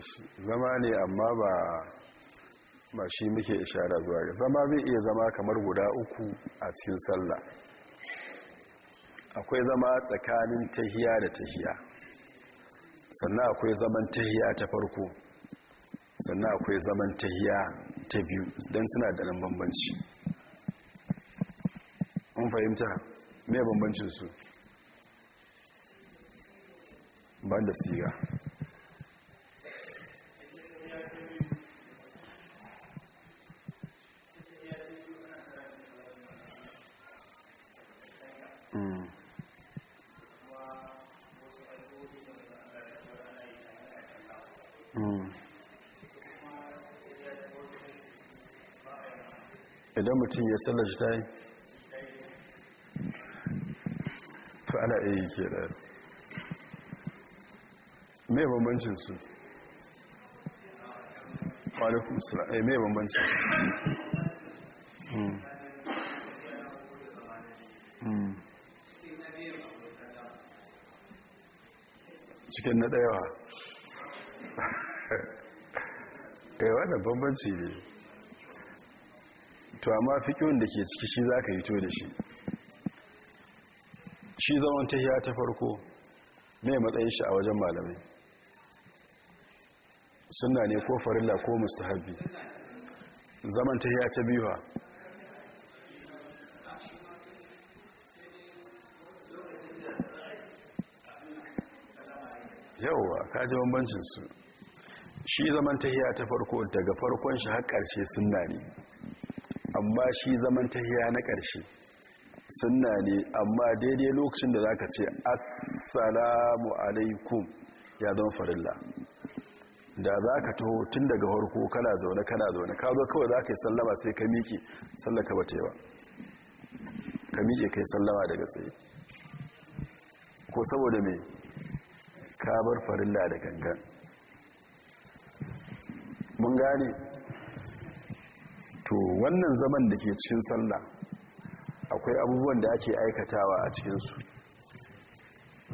shi zama ne amma ba ba shi muke ishara zuwa ga zama zai iya zama kamar guda uku a cikin sallah akwai zama tsakanin tahiya da tahiya sannan akwai zaman tahiya ta farko sannan akwai zaman tahiya ta biyu don suna da nan bambanci an fahimta mai bambancinsu ban da siga Mm. idan mutum ya tsalla shi ta yi to ana iya yi ke da mai bambancinsu su ƙwararrun isra'ai mai bambancin cikin na ɗaya. ɗayawa ɗaya eh, wannan bambanci ne to amma fikin da ke ciki shi za ka yi to da shi shi zaman tahiya ta farko mai matsayin shi a wajen malamai suna ne ko farilla ko mustahabi zaman tahiya ta biyuwa ka ji bambancin su shi zaman tahiya ta farko daga farkon shi har ƙarshe sunna ne amma shi zaman tahiya na karshe sunna ne amma daidai lokacin da za ka ce assalamu alaikum ya zama farilla da za ka taho tun daga harko kana zaune kana zaune ka zo kawai za ka yi sallama sai ka miƙe sallaka ba tewa ka miƙe ka yi sallama daga tsaye ko saboda mai ka bar farilla da gangan mun gane to wannan zaman da ke cikin sallah akwai abubuwan da ake aikatawa a cikinsu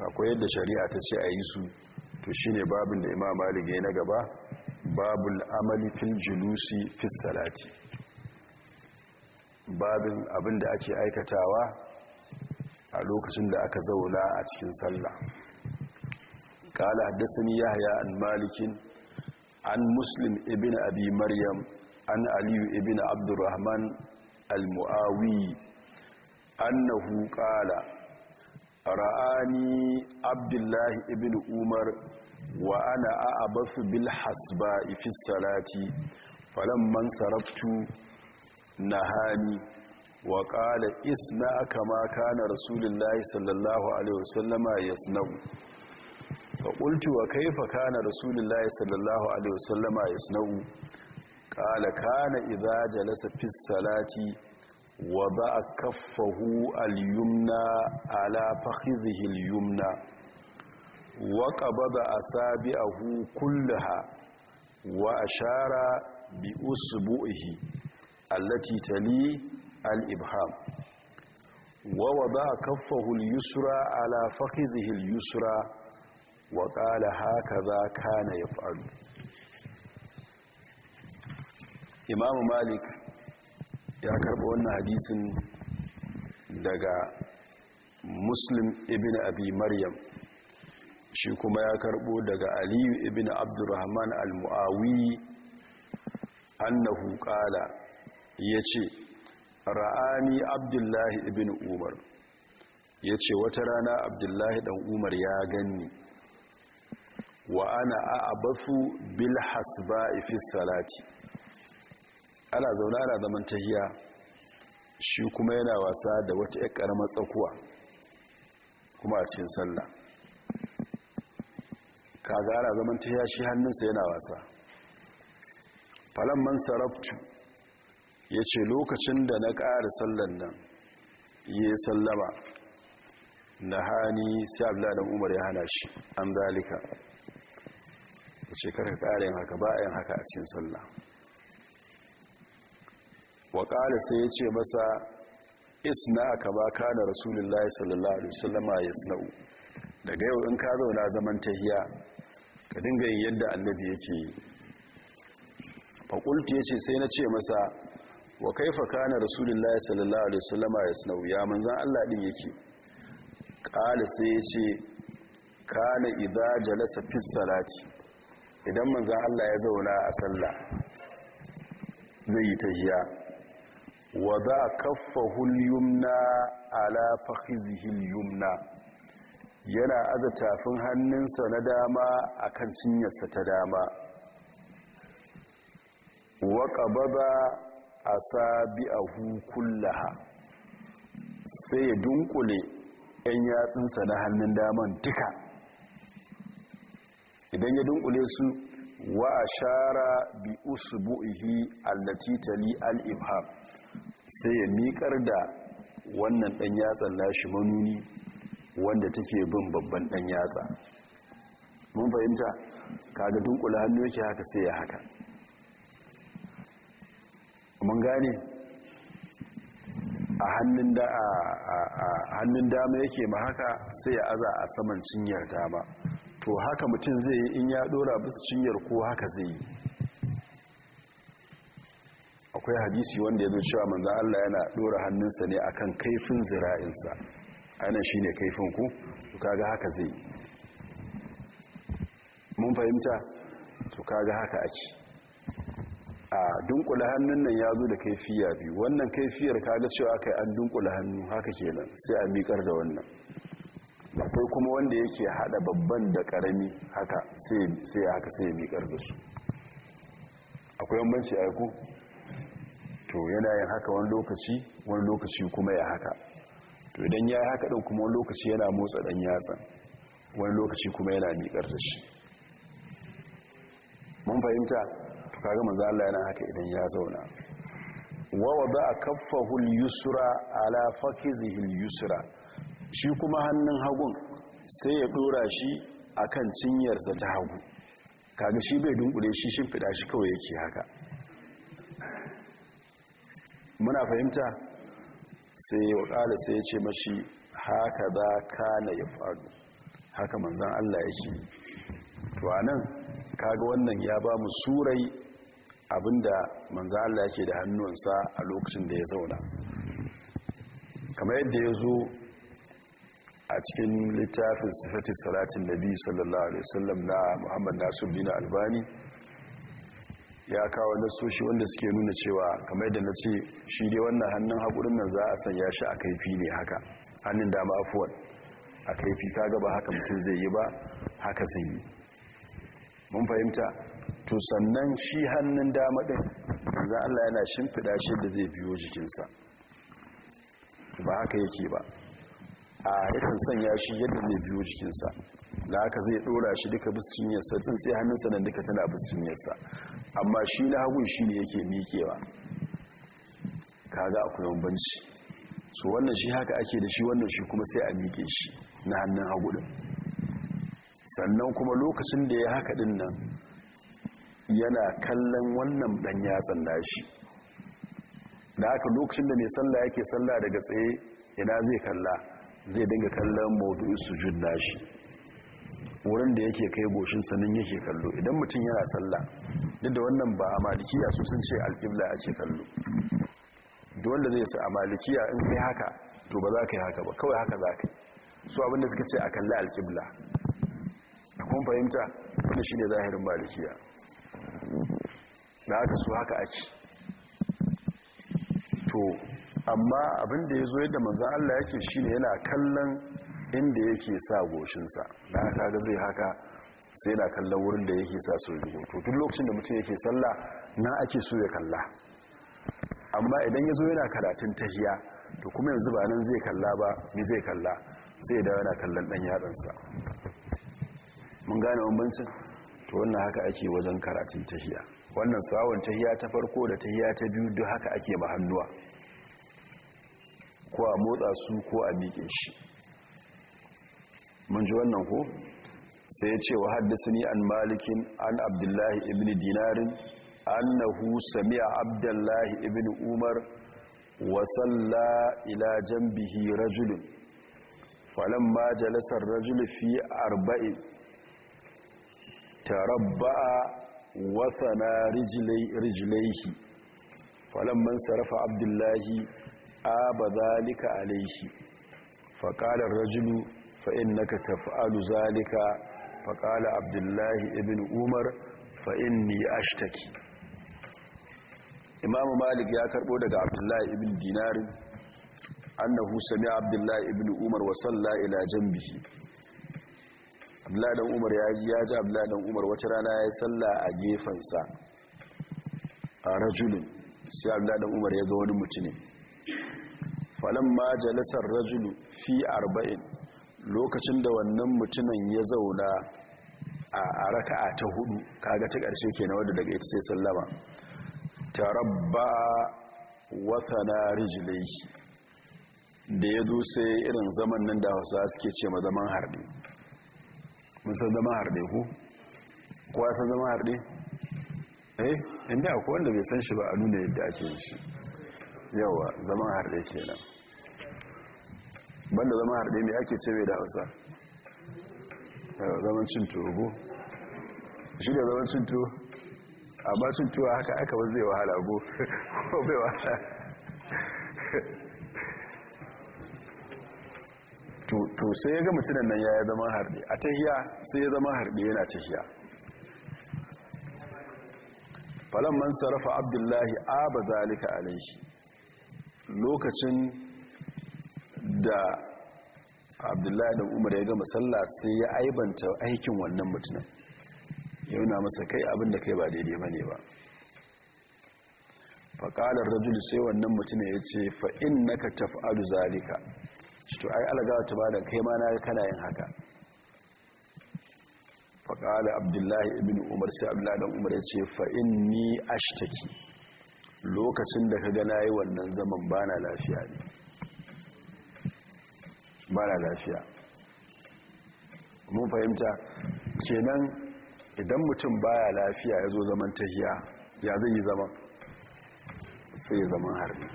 akwai yadda shari'a ta ce a yi su to shine babin da imam malik ya na gaba babul amali fil julusi fis salati babin abin da ake aikatawa a lokacin da aka zauna a cikin sallah قال حدثني يحيى عن مالك عن مسلم ابن أبي مريم عن علي ابن عبد الرحمن المعاوي أنه قال رآني عبد الله ابن عمر وأنا أعبث بالحسباء في الصلاة فلما انصرفت نهاني وقال اسمع كما كان رسول الله صلى الله عليه وسلم يسنو فقلت وكيف كان رسول الله صلى الله عليه وسلم يسنو قال كان إذا جلس في الصلاة وبع كفه اليمنى على فخذه اليمنى وقبض أسابعه كلها وأشار بأسبوئه التي تلي الإبهام ووضع كفه اليسرى على فخذه اليسرى wa ƙala haka za ka na ya faru imamu malik ya karɓi wannan hadisin daga muslim ibn abi maryam shi kuma ya karɓo daga aliyu ibn abdurrahman al-mu'awi annahu ƙala ya ce ra'ani abdullahi ibn umar ya ce wata rana abdullahi ɗan umar ya ganni wa ana a'abathu bil hasba fi salati ana zauna ana zaman tahiya shi kuma yana wasa da wata yar karamar tsakuwa kuma a cikin sallah kaga ana zaman tahiya shi hannunsa yana wasa man sarabtu ya ce lokacin da na ƙara sallan nan ya sallama na hani sai abu umar ya hana shi an zalika ya ce karka ƙara yin haka ba a yin haka a cikin sallah wa ƙala sai ya ce masa isna ka ba ka da rasulullahi sallallahu alaihi sallama ya sana'u daga yau in ka zauna zaman tahiya ka dinga yin yadda annabi yake yi faƙulti ya ce sai na ce masa wa kaifa kana rasulullahi sallallahu alaihi sallama ya sana'u ya manzan Allah din yake ƙala sai ya ce kana idza jalasa fi salati idan manzan Allah ya zauna a sallah zai yi tahiya wa za a kaffa hulyumna ala fahizihin yumna yana aza tafin hannunsa na dama a kan cinyarsa ta dama wa sabi a hukullaha sai ya dunkule 'yan yatsunsa na hannun daman duka idan ya dunkule su wa ashara bi usbu'ihi allati tali al-ibham sai ya miƙar da wannan dan yatsan nashi manuni wanda take bin babban dan yatsa mun fahimta kaga dunkula hannu yake haka sai ya haka mun gane a hannun da a hannun dama yake ma haka sai ya aza a saman cinyar dama to haka mutum zai yi in ya dora bisa cinyar ko haka zai yi akwai hadisi wanda ya zo cewa manzan Allah yana dora hannunsa ne akan kaifin zira'insa anan shi ne kaifin ku to kaga haka zai mun fahimta to kaga haka ake a dunkula hannun nan ya zo da kaifiya biyu wannan kaifiyar kaga cewa aka yi an dunkula hannu haka kenan sai a miƙar da wannan akwai kuma wanda yake hada babban da karami haka sai ya haka sai ya miƙar da su akwai yambanci aiku to yana yin haka wani lokaci wani lokaci kuma ya haka to idan ya yi haka ɗin kuma wani lokaci yana motsa ɗan yatsan wani lokaci kuma yana miƙar da shi mun fahimta to kaga manzo Allah yana haka idan ya zauna wa wada kaffahu al-yusra ala fakizihi al-yusra shi kuma hannun hagun sai ya dora shi a kan cinyarsa ta hagu kaga shi bai dunkule shi fida shi kawai yake haka muna fahimta sai ya wakala sai ya ce mashi haka za ka na ya faru haka manzan Allah yake to anan kaga wannan ya ba mu surai abinda manzan Allah ya ke da hannunsa a lokacin da ya zauna kamar yadda ya zo a cikin littafin sifati salatin nabi sallallahu alaihi wasallam na muhammad nasir bina albani ya kawo nasoshi wanda suke nuna cewa kamar da na ce shi dai wannan hannun haƙurin nan za a sanya shi a kaifi ne haka hannun dama afuwan a kaifi ka gaba haka mutum zai yi ba haka zai yi mun fahimta to sannan shi hannun dama ɗin za Allah yana shimfiɗa shi da zai biyo jikinsa ba haka yake ba a yakan sanya shi yadda mai biyo jikinsa da haka zai dora shi duka bisciniyarsa sai hannunsa nan duka tana bisciniyarsa amma shi na hagun shi ne yake miƙewa kaga akwai bambanci so wannan shi haka ake da shi wannan shi kuma sai a miƙe shi na hannun hagu din sannan kuma lokacin da ya haka din nan yana kallon wannan dan ya yatsan shi. da haka lokacin da mai sallah yake sallah daga tsaye ina zai kalla zai dinga kallon maudu'in sujud nashi wurin da yake kai goshin sanin yake kallo idan mutum yana sallah duk da wannan ba a malikiya su sun ce alƙibla a ce kallo duk wanda zai sa a malikiya in kai haka to ba za ka yi haka ba kawai haka za ka yi su abinda suka ce a kalli alƙibla a kun fahimta wanda shi ne zahirin malikiya da aka su haka a ake to amma abin da ya zo yadda manzan Allah yake shi ne yana kallon inda yake sa goshinsa da haka ga zai haka sai yana kallon wurin da yake sa so yi to duk lokacin da mutum yake sallah na ake so ya kalla amma idan ya zo yana karatun tahiya to kuma yanzu ba nan zai kalla ba ni zai kalla sai da yana kallon dan yatsansa mun gane bambancin to wannan haka ake wajen karatun tahiya wannan sawon tahiya ta farko da tahiya ta biyu duk haka ake ma hannuwa ko a motsa su ko a miƙe shi mun ji wannan ko sai ya ce wa haddasa ni an malikin an abdullahi ibn dinarin an na hu sami a abdullahi ibn umar wa salla ila jambihi rajulun ma jalasar rajul fi arba'i tarabba'a wasana falon man sarrafa abdullahi aba zalika alaihi faƙalar rajulu fa'in naka tafa'alu zalika faƙala abdullahi ibn umar fa'in ni ashtaki imamu malik ya karɓo daga abdullahi ibn dinari annahu sami abdullahi ibn umar wasalla ila jambihi abdullahi umar ya ji ya ji abdullahi umar wata rana ya yi salla a gefensa a rajulun sai abdullahi umar ya ga wani mutumin falamma majalisar rajulu fi arba'in lokacin da wannan mutumin ya zauna a raka'a ta hudu kaga ta ƙarshe ke na wadda daga ita sai sallama tarabba wata na rijilai da ya dusa irin zaman nan da hausa suke ce ma zaman harɗe musan zaman harde ku kuwa san zaman harde eh inda akwai wanda bai san shi ba a nuna yadda ake yi shi yawa zaman harde ke nan banda zama harɗe mai ake ce mai da hausa eh, zaman cin tuwo shi da zaman turbo a bacin turbo haka aka wanzu yawa wahala go ko bai wahala to sai ya ga cinan nan ya yi zama harɗe a tahiya sai ya zama harɗe yana tahiya falon man sarrafa abdullahi ba zalika alaihi lokacin da abdullahi da umar ya gama sallah sai ya aibanta aikin wannan mutunan, ya na masa kai abin da kai ba daidai ba ne ba faƙalar rajul sai wannan mutumin ya ce fa'in na ka taf'alu zalika to ai alagawa ta ba da kai ma na kana yin haka faƙalar abdullahi ibn umar sai abdullahi da umar ya ce fa'in ni ashtaki lokacin da ka gana yi wannan zaman ba na lafiya ne ba da lafiya mun fahimta kenan idan mutum baya lafiya ya zo zaman tahiya ya zai yi zama sai ya zaman harbi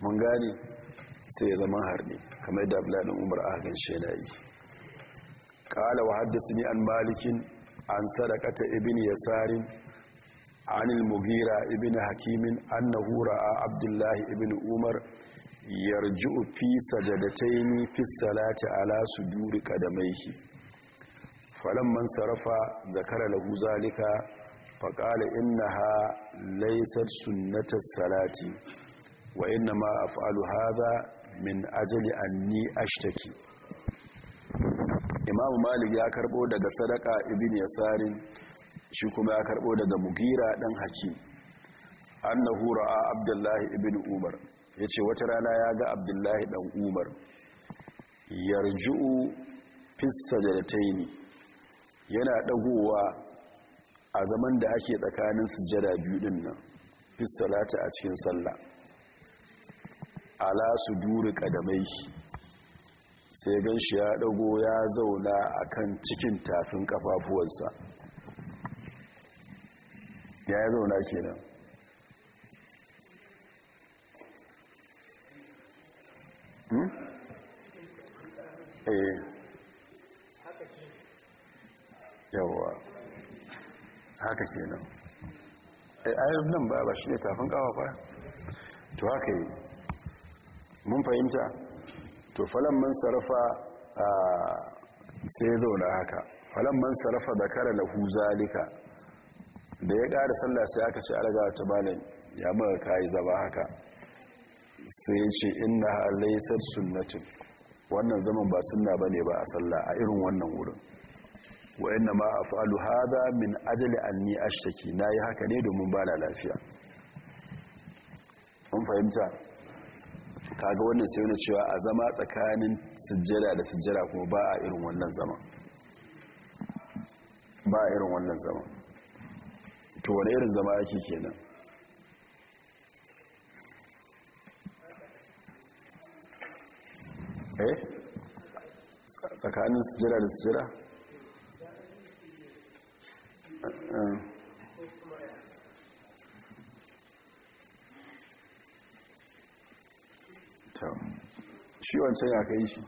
mun gane sai ya zaman harbi kamar da abladin umar a shaida shenayi ƙala wa haddasa ni an malikin an sadakata ibini anil mugira ibini hakimin hakimin na hura a abdullahi ibini umar. yarji fi sajadataini fi salati ala suduri qadamaihi falamman sarafa zakara lahu zalika faqala innaha laysat sunnatas salati wa innama af'alu hadha min ajli anni ashtaki imamu malik ya karbo daga sadaka ibn yasarin shi kuma ya karbo daga mugira dan hakim annahu ra'a abdullahi ibn umar ya ce wata rana ya ga abdullahi ɗan umar yarju'u fissa da ne yana ɗagowa a zaman da ake tsakanin sujjada biyu ɗin nan fissa lata a cikin sallah ala su duri ƙadamai sai gan shi ya ɗago ya zauna a kan cikin tafin ƙafafuwansa ya zauna ke nan. Hmm? eh yawa haka ke nan eh, ayyar nan ba ba shi ne tafin kawo ba to haka yi mun fahimta to falon man sarrafa a sai ya zauna haka falon man sarrafa da kare lahu zalika da ya kara sallah sai aka ce alaga ta bane ya mara kayi zaba haka sai ya ce inna laisar sunnatin wannan zaman ba suna ba ne ba a sallah a irin wannan wurin wa inna ma a falu haza min ajali anni ashaki na yi haka ne domin ba na lafiya an fahimta kaga wannan sai wani cewa a zama tsakanin sujjada da sujjada kuma ba a irin wannan zama ba a irin wannan zama to wani irin zama yake kenan eh tsakanin sujira da sujira? Eh, eh. ta shi wancan ya kai shi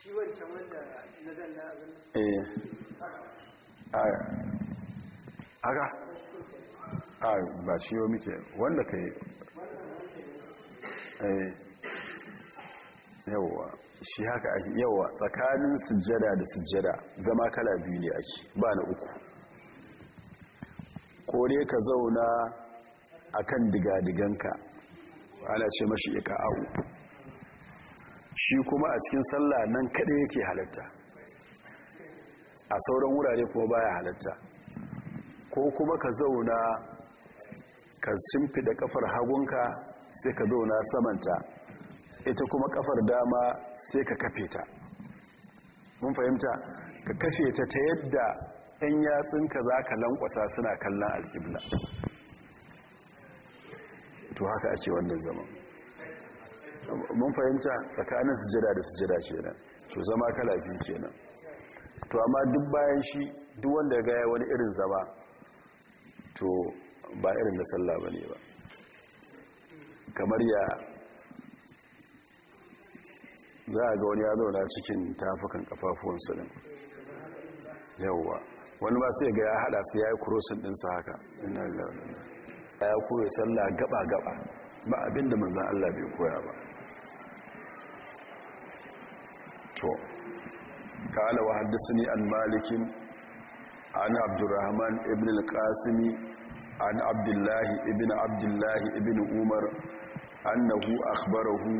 shi wancan wanda na zanna abin eh aga ba shi yau muke wanda ka yi eh yawa shi haka ake yawa tsakanin sujjada da sujjada zama kala biyu ne ake ba na uku ko dai ka zauna akan digadiganka ana ce mashi awu shi kuma a cikin sallah nan kada yake halatta a sauran wurare kuma baya halatta ko kuma ka zauna ka shimfi da kafar hagunka sai ka zauna samanta ita kuma kafar dama sai ka kafe ta mun fahimta ka kafe ta ta yadda yan yatsunka za ka lankwasa suna kallon alkibla to haka ake wannan zaman mun fahimta tsakanin sujada da sujada ce kenan to zama kala biyu kenan to amma duk bayan shi duk wanda ga gaya wani irin zama to ba irin da sallah ba ne ba kamar ya za a ga wani ya zauna cikin tafukan kafafuwan din yawwa wani ba sai ga ya hada su ya yi kurosin ɗinsa haka ya koya sallah gaba-gaba ba abinda manzan Allah bai koya ba to kala wa ni an malikin an abdurrahman ibn al-qasimi an abdullahi ibn abdullahi ibn umar annahu akhbarahu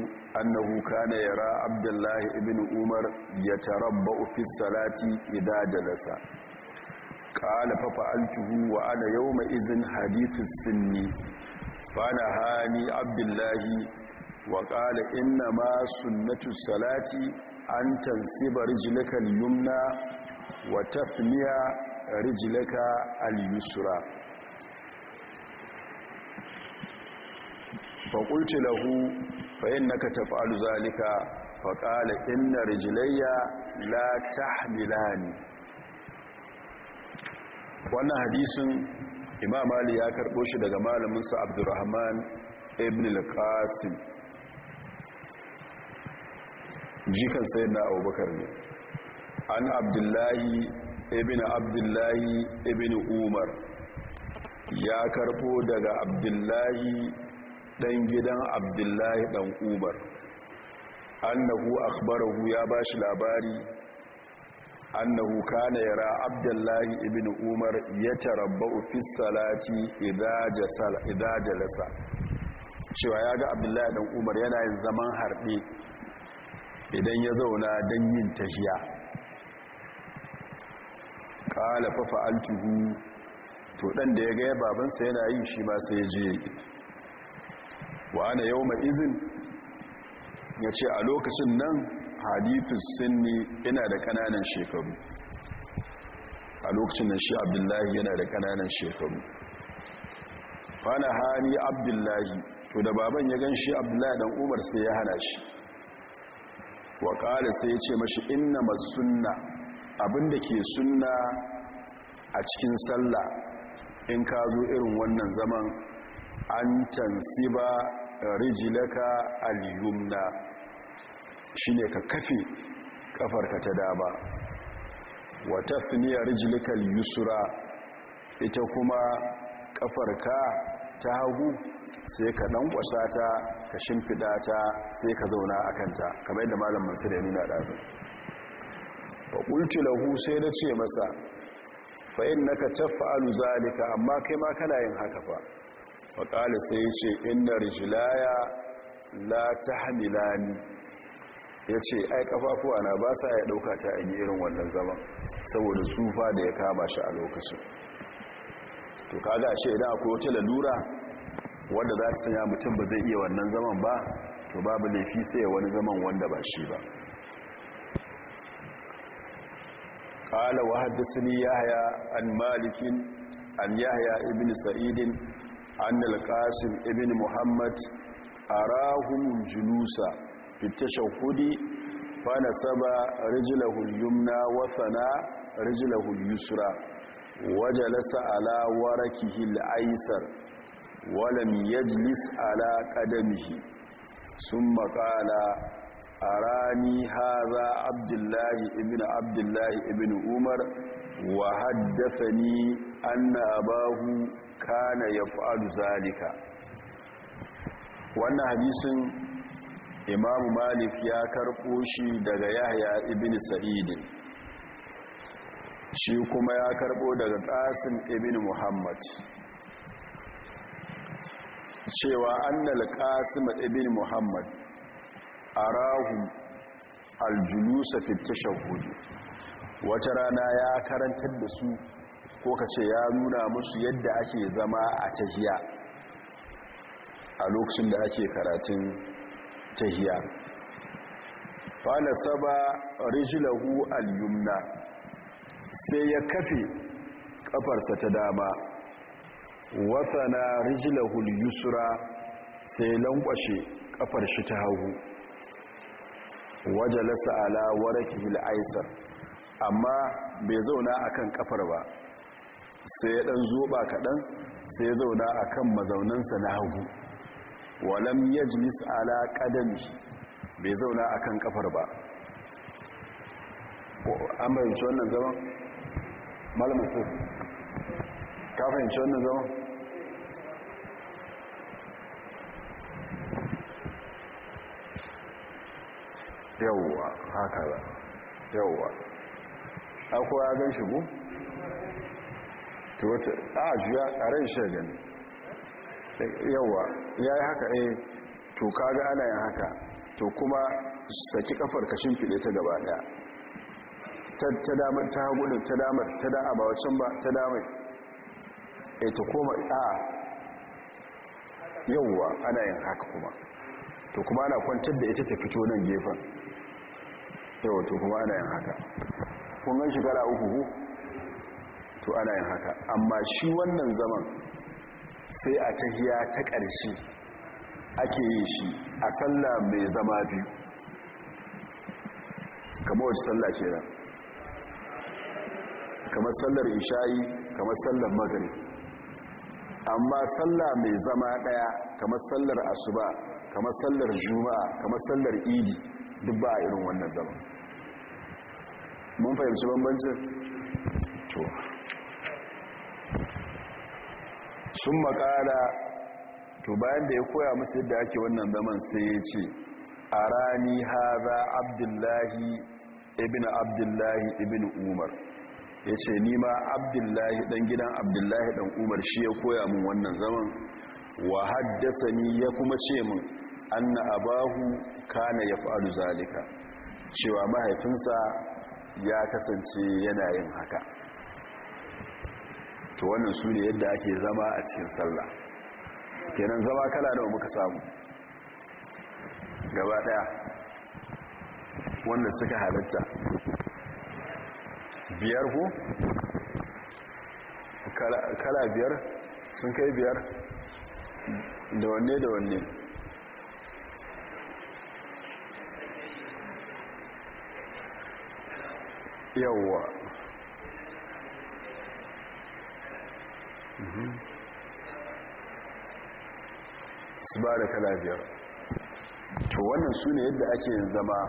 annahu kana yara abdullahi ibn umar yatarabba'u fi salati idza jalasa qala fa fa'altuhu wa ana yawma idhin hadithus sunni fala hani abdullahi wa qala inna ma sunnatus salati an tansiba rijlaka yumna wa tafniya rijlaka al-yusra faƙulci lahu fa'in naka tafi zalika faƙala inna rijilayya la tahmilani wannan hadisun imam ali ya karɓo shi daga malaminsa abdurrahman ibn al-qasim jikan sai na abubakar ne an abdullahi ibn abdullahi ibn umar ya karɓo daga abdullahi ɗan gidan abdullahi ɗan ubar annahu akhbarahu ya ba shi labari annahu kana yara abdullahi ibn umar ya tarabba'u fi salati idza jalasa cewa ya ga abdullahi ɗan umar yana yin zaman harɗe idan ya zauna don yin tafiya. ƙala fafa to ɗan da ya gaya babansa yana yin shi ba sai ya je wa ana yau mai izin ya ce a lokacin nan hadithus sinni ina da kananan shekaru a lokacin nan shi abdullahi yana da kananan shekaru fana hani abdullahi to da baban ya gan shi abdullahi dan umar sai ya hana shi wa kala sai ya ce mashi inna masunna abinda ke sunna a cikin sallah in ka zo irin wannan zaman an tansiba rijilaka al-yumna shine ka kafe kafarka ta dama wa tafniya rijlika al-yusra ita kuma kafarka ta hagu sai ka ɗan ta ka shimfida ta sai ka zauna a kanta kamar yadda malam Mansur ya nuna dazu fa qultu lahu sai na ce masa fa innaka taf'alu zalika amma kai ma kana yin haka fa Waƙala sai ya ce inna rijilaya la ta hamilani ya ce ai ƙafafuwa na ba sa ya ɗauka ta a irin wannan zaman saboda sufa da ya kama shi a lokacin to kaga ashe idan akwai wata lalura wanda za ta sanya mutum ba zai iya wannan zaman ba to babu laifi sai wani zaman wanda ba shi ba قال وحدثني يحيى عن مالك عن يحيى ابن سعيد annal qasim ibn muhammad arahum fita fi tashahhudi fa nasaba rijlahu al-yumna wa thana rijlahu al-yusra wa jalasa ala warakihi al-aysar wa lam yajlis ala sun thumma qala arani haza abdullahi ibn abdullahi ibn umar wa haddathani anna abahu kana ya fa’adu zalika wannan hadisun imamu malik ya karɓo shi daga yahya ibn Sa'idi, shi kuma ya karɓo daga ƙasim ibn muhammad cewa annal ƙasim ibn muhammad arahu aljulusa tashar hudu wata rana ya karantar da su ko ka ce ya nuna musu yadda ake zama a tahiya a lokacin da ake karatun tahiya saba rijilahu al-yumna sai ya kafe kafarsa ta dama Watsana rijilahu al-yusra sai lankwashe kafar shi ta hagu wajalasa ala warakihil aisar amma bai zauna akan kafar ba sai ya ɗan zoba kaɗan sai ya zauna a kan mazauninsa na hagu walam yajlis ala ƙadami bai zauna a kan ƙafar ba an bayanci wannan zaman? malamin su ka fahimci wannan zaman? yawwa haka ba yawwa akwai ya gan shigo? ta wata a ya a ran shi gani yawa ya yi haka eh to kaga ana yin haka to kuma saki kafar ka shimfiɗe ta gaba ɗaya ta damar ta hagudin ta damar ta da ba wacan ba ta damar eh ta koma a yawa ana yin haka kuma to kuma ana kwantar da ita ta fito nan gefen yawa to kuma ana yin haka kun gan shigara uku to ana yin haka amma shi wannan zaman sai a tahiya ta ƙarshe ake yi shi a sallah mai zama biyu kamar wasu sallah ke nan kamar sallar ishayi kamar sallar magani amma sallah mai zama ɗaya kamar sallar asuba kamar sallar juma'a kamar sallar idi duk ba a irin wannan zaman mun fahimci banbancin? to sun makara to bayan da ya koya musu yadda ake wannan zaman sai ya ce a rani haza abdullahi ibn abdullahi ibn umar ya ce nima abdullahi ɗan gidan abdullahi dan umar shi ya koya mun wannan zaman wa haddasa ni ya kuma ce min anna abahu kana ya fa'alu zalika cewa mahaifinsa ya kasance yana yin haka to wannan su ne yadda ake zama a cikin sallah kenan zama kala da muka samu gaba daya wannan suka halatta biyar ko kala biyar sun kai biyar da wanne da wanne yawwa su ba da kala biyar to wannan su ne yadda ake zama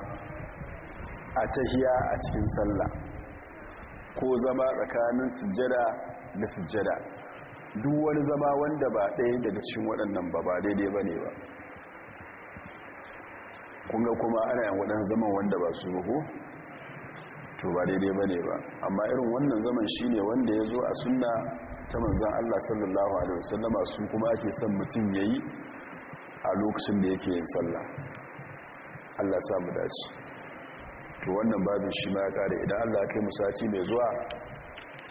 a tahiya a cikin sallah ko zama tsakanin sujjada da sujjada duk wani zama wanda ba ɗaya daga cikin waɗannan ba ba daidai ba ne ba kunga kuma ana yin waɗannan zaman wanda ba su ruhu to ba daidai ba ne ba amma irin wannan zaman shi ne wanda ya zo a sunna ta manzan Allah sallallahu alaihi wasallama su kuma ake son mutum ya yi a lokacin da yake yin sallah Allah samu dace to wannan babin shi ma ya kare idan Allah ya kai mu mai zuwa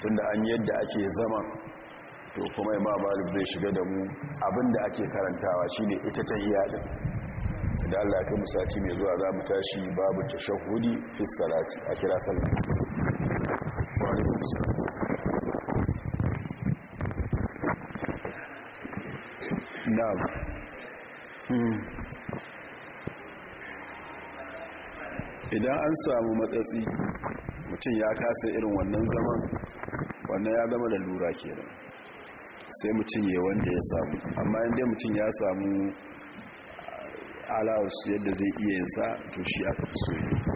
tunda an yadda ake zama to kuma imam Malik zai shiga da mu abinda ake karantawa shine ita tahiyya din idan Allah ya kai mu sati mai zuwa za mu tashi babu shahudi fi salati a kira sallah wa Hmm. idan an samu matsatsi mutum ya kasa irin wannan zaman wannan ya zama da lura kenan sai mutum ya wanda ya samu amma inda mutum ya samu ah, alawus yadda zai iya yin sa to shi ya fi soyi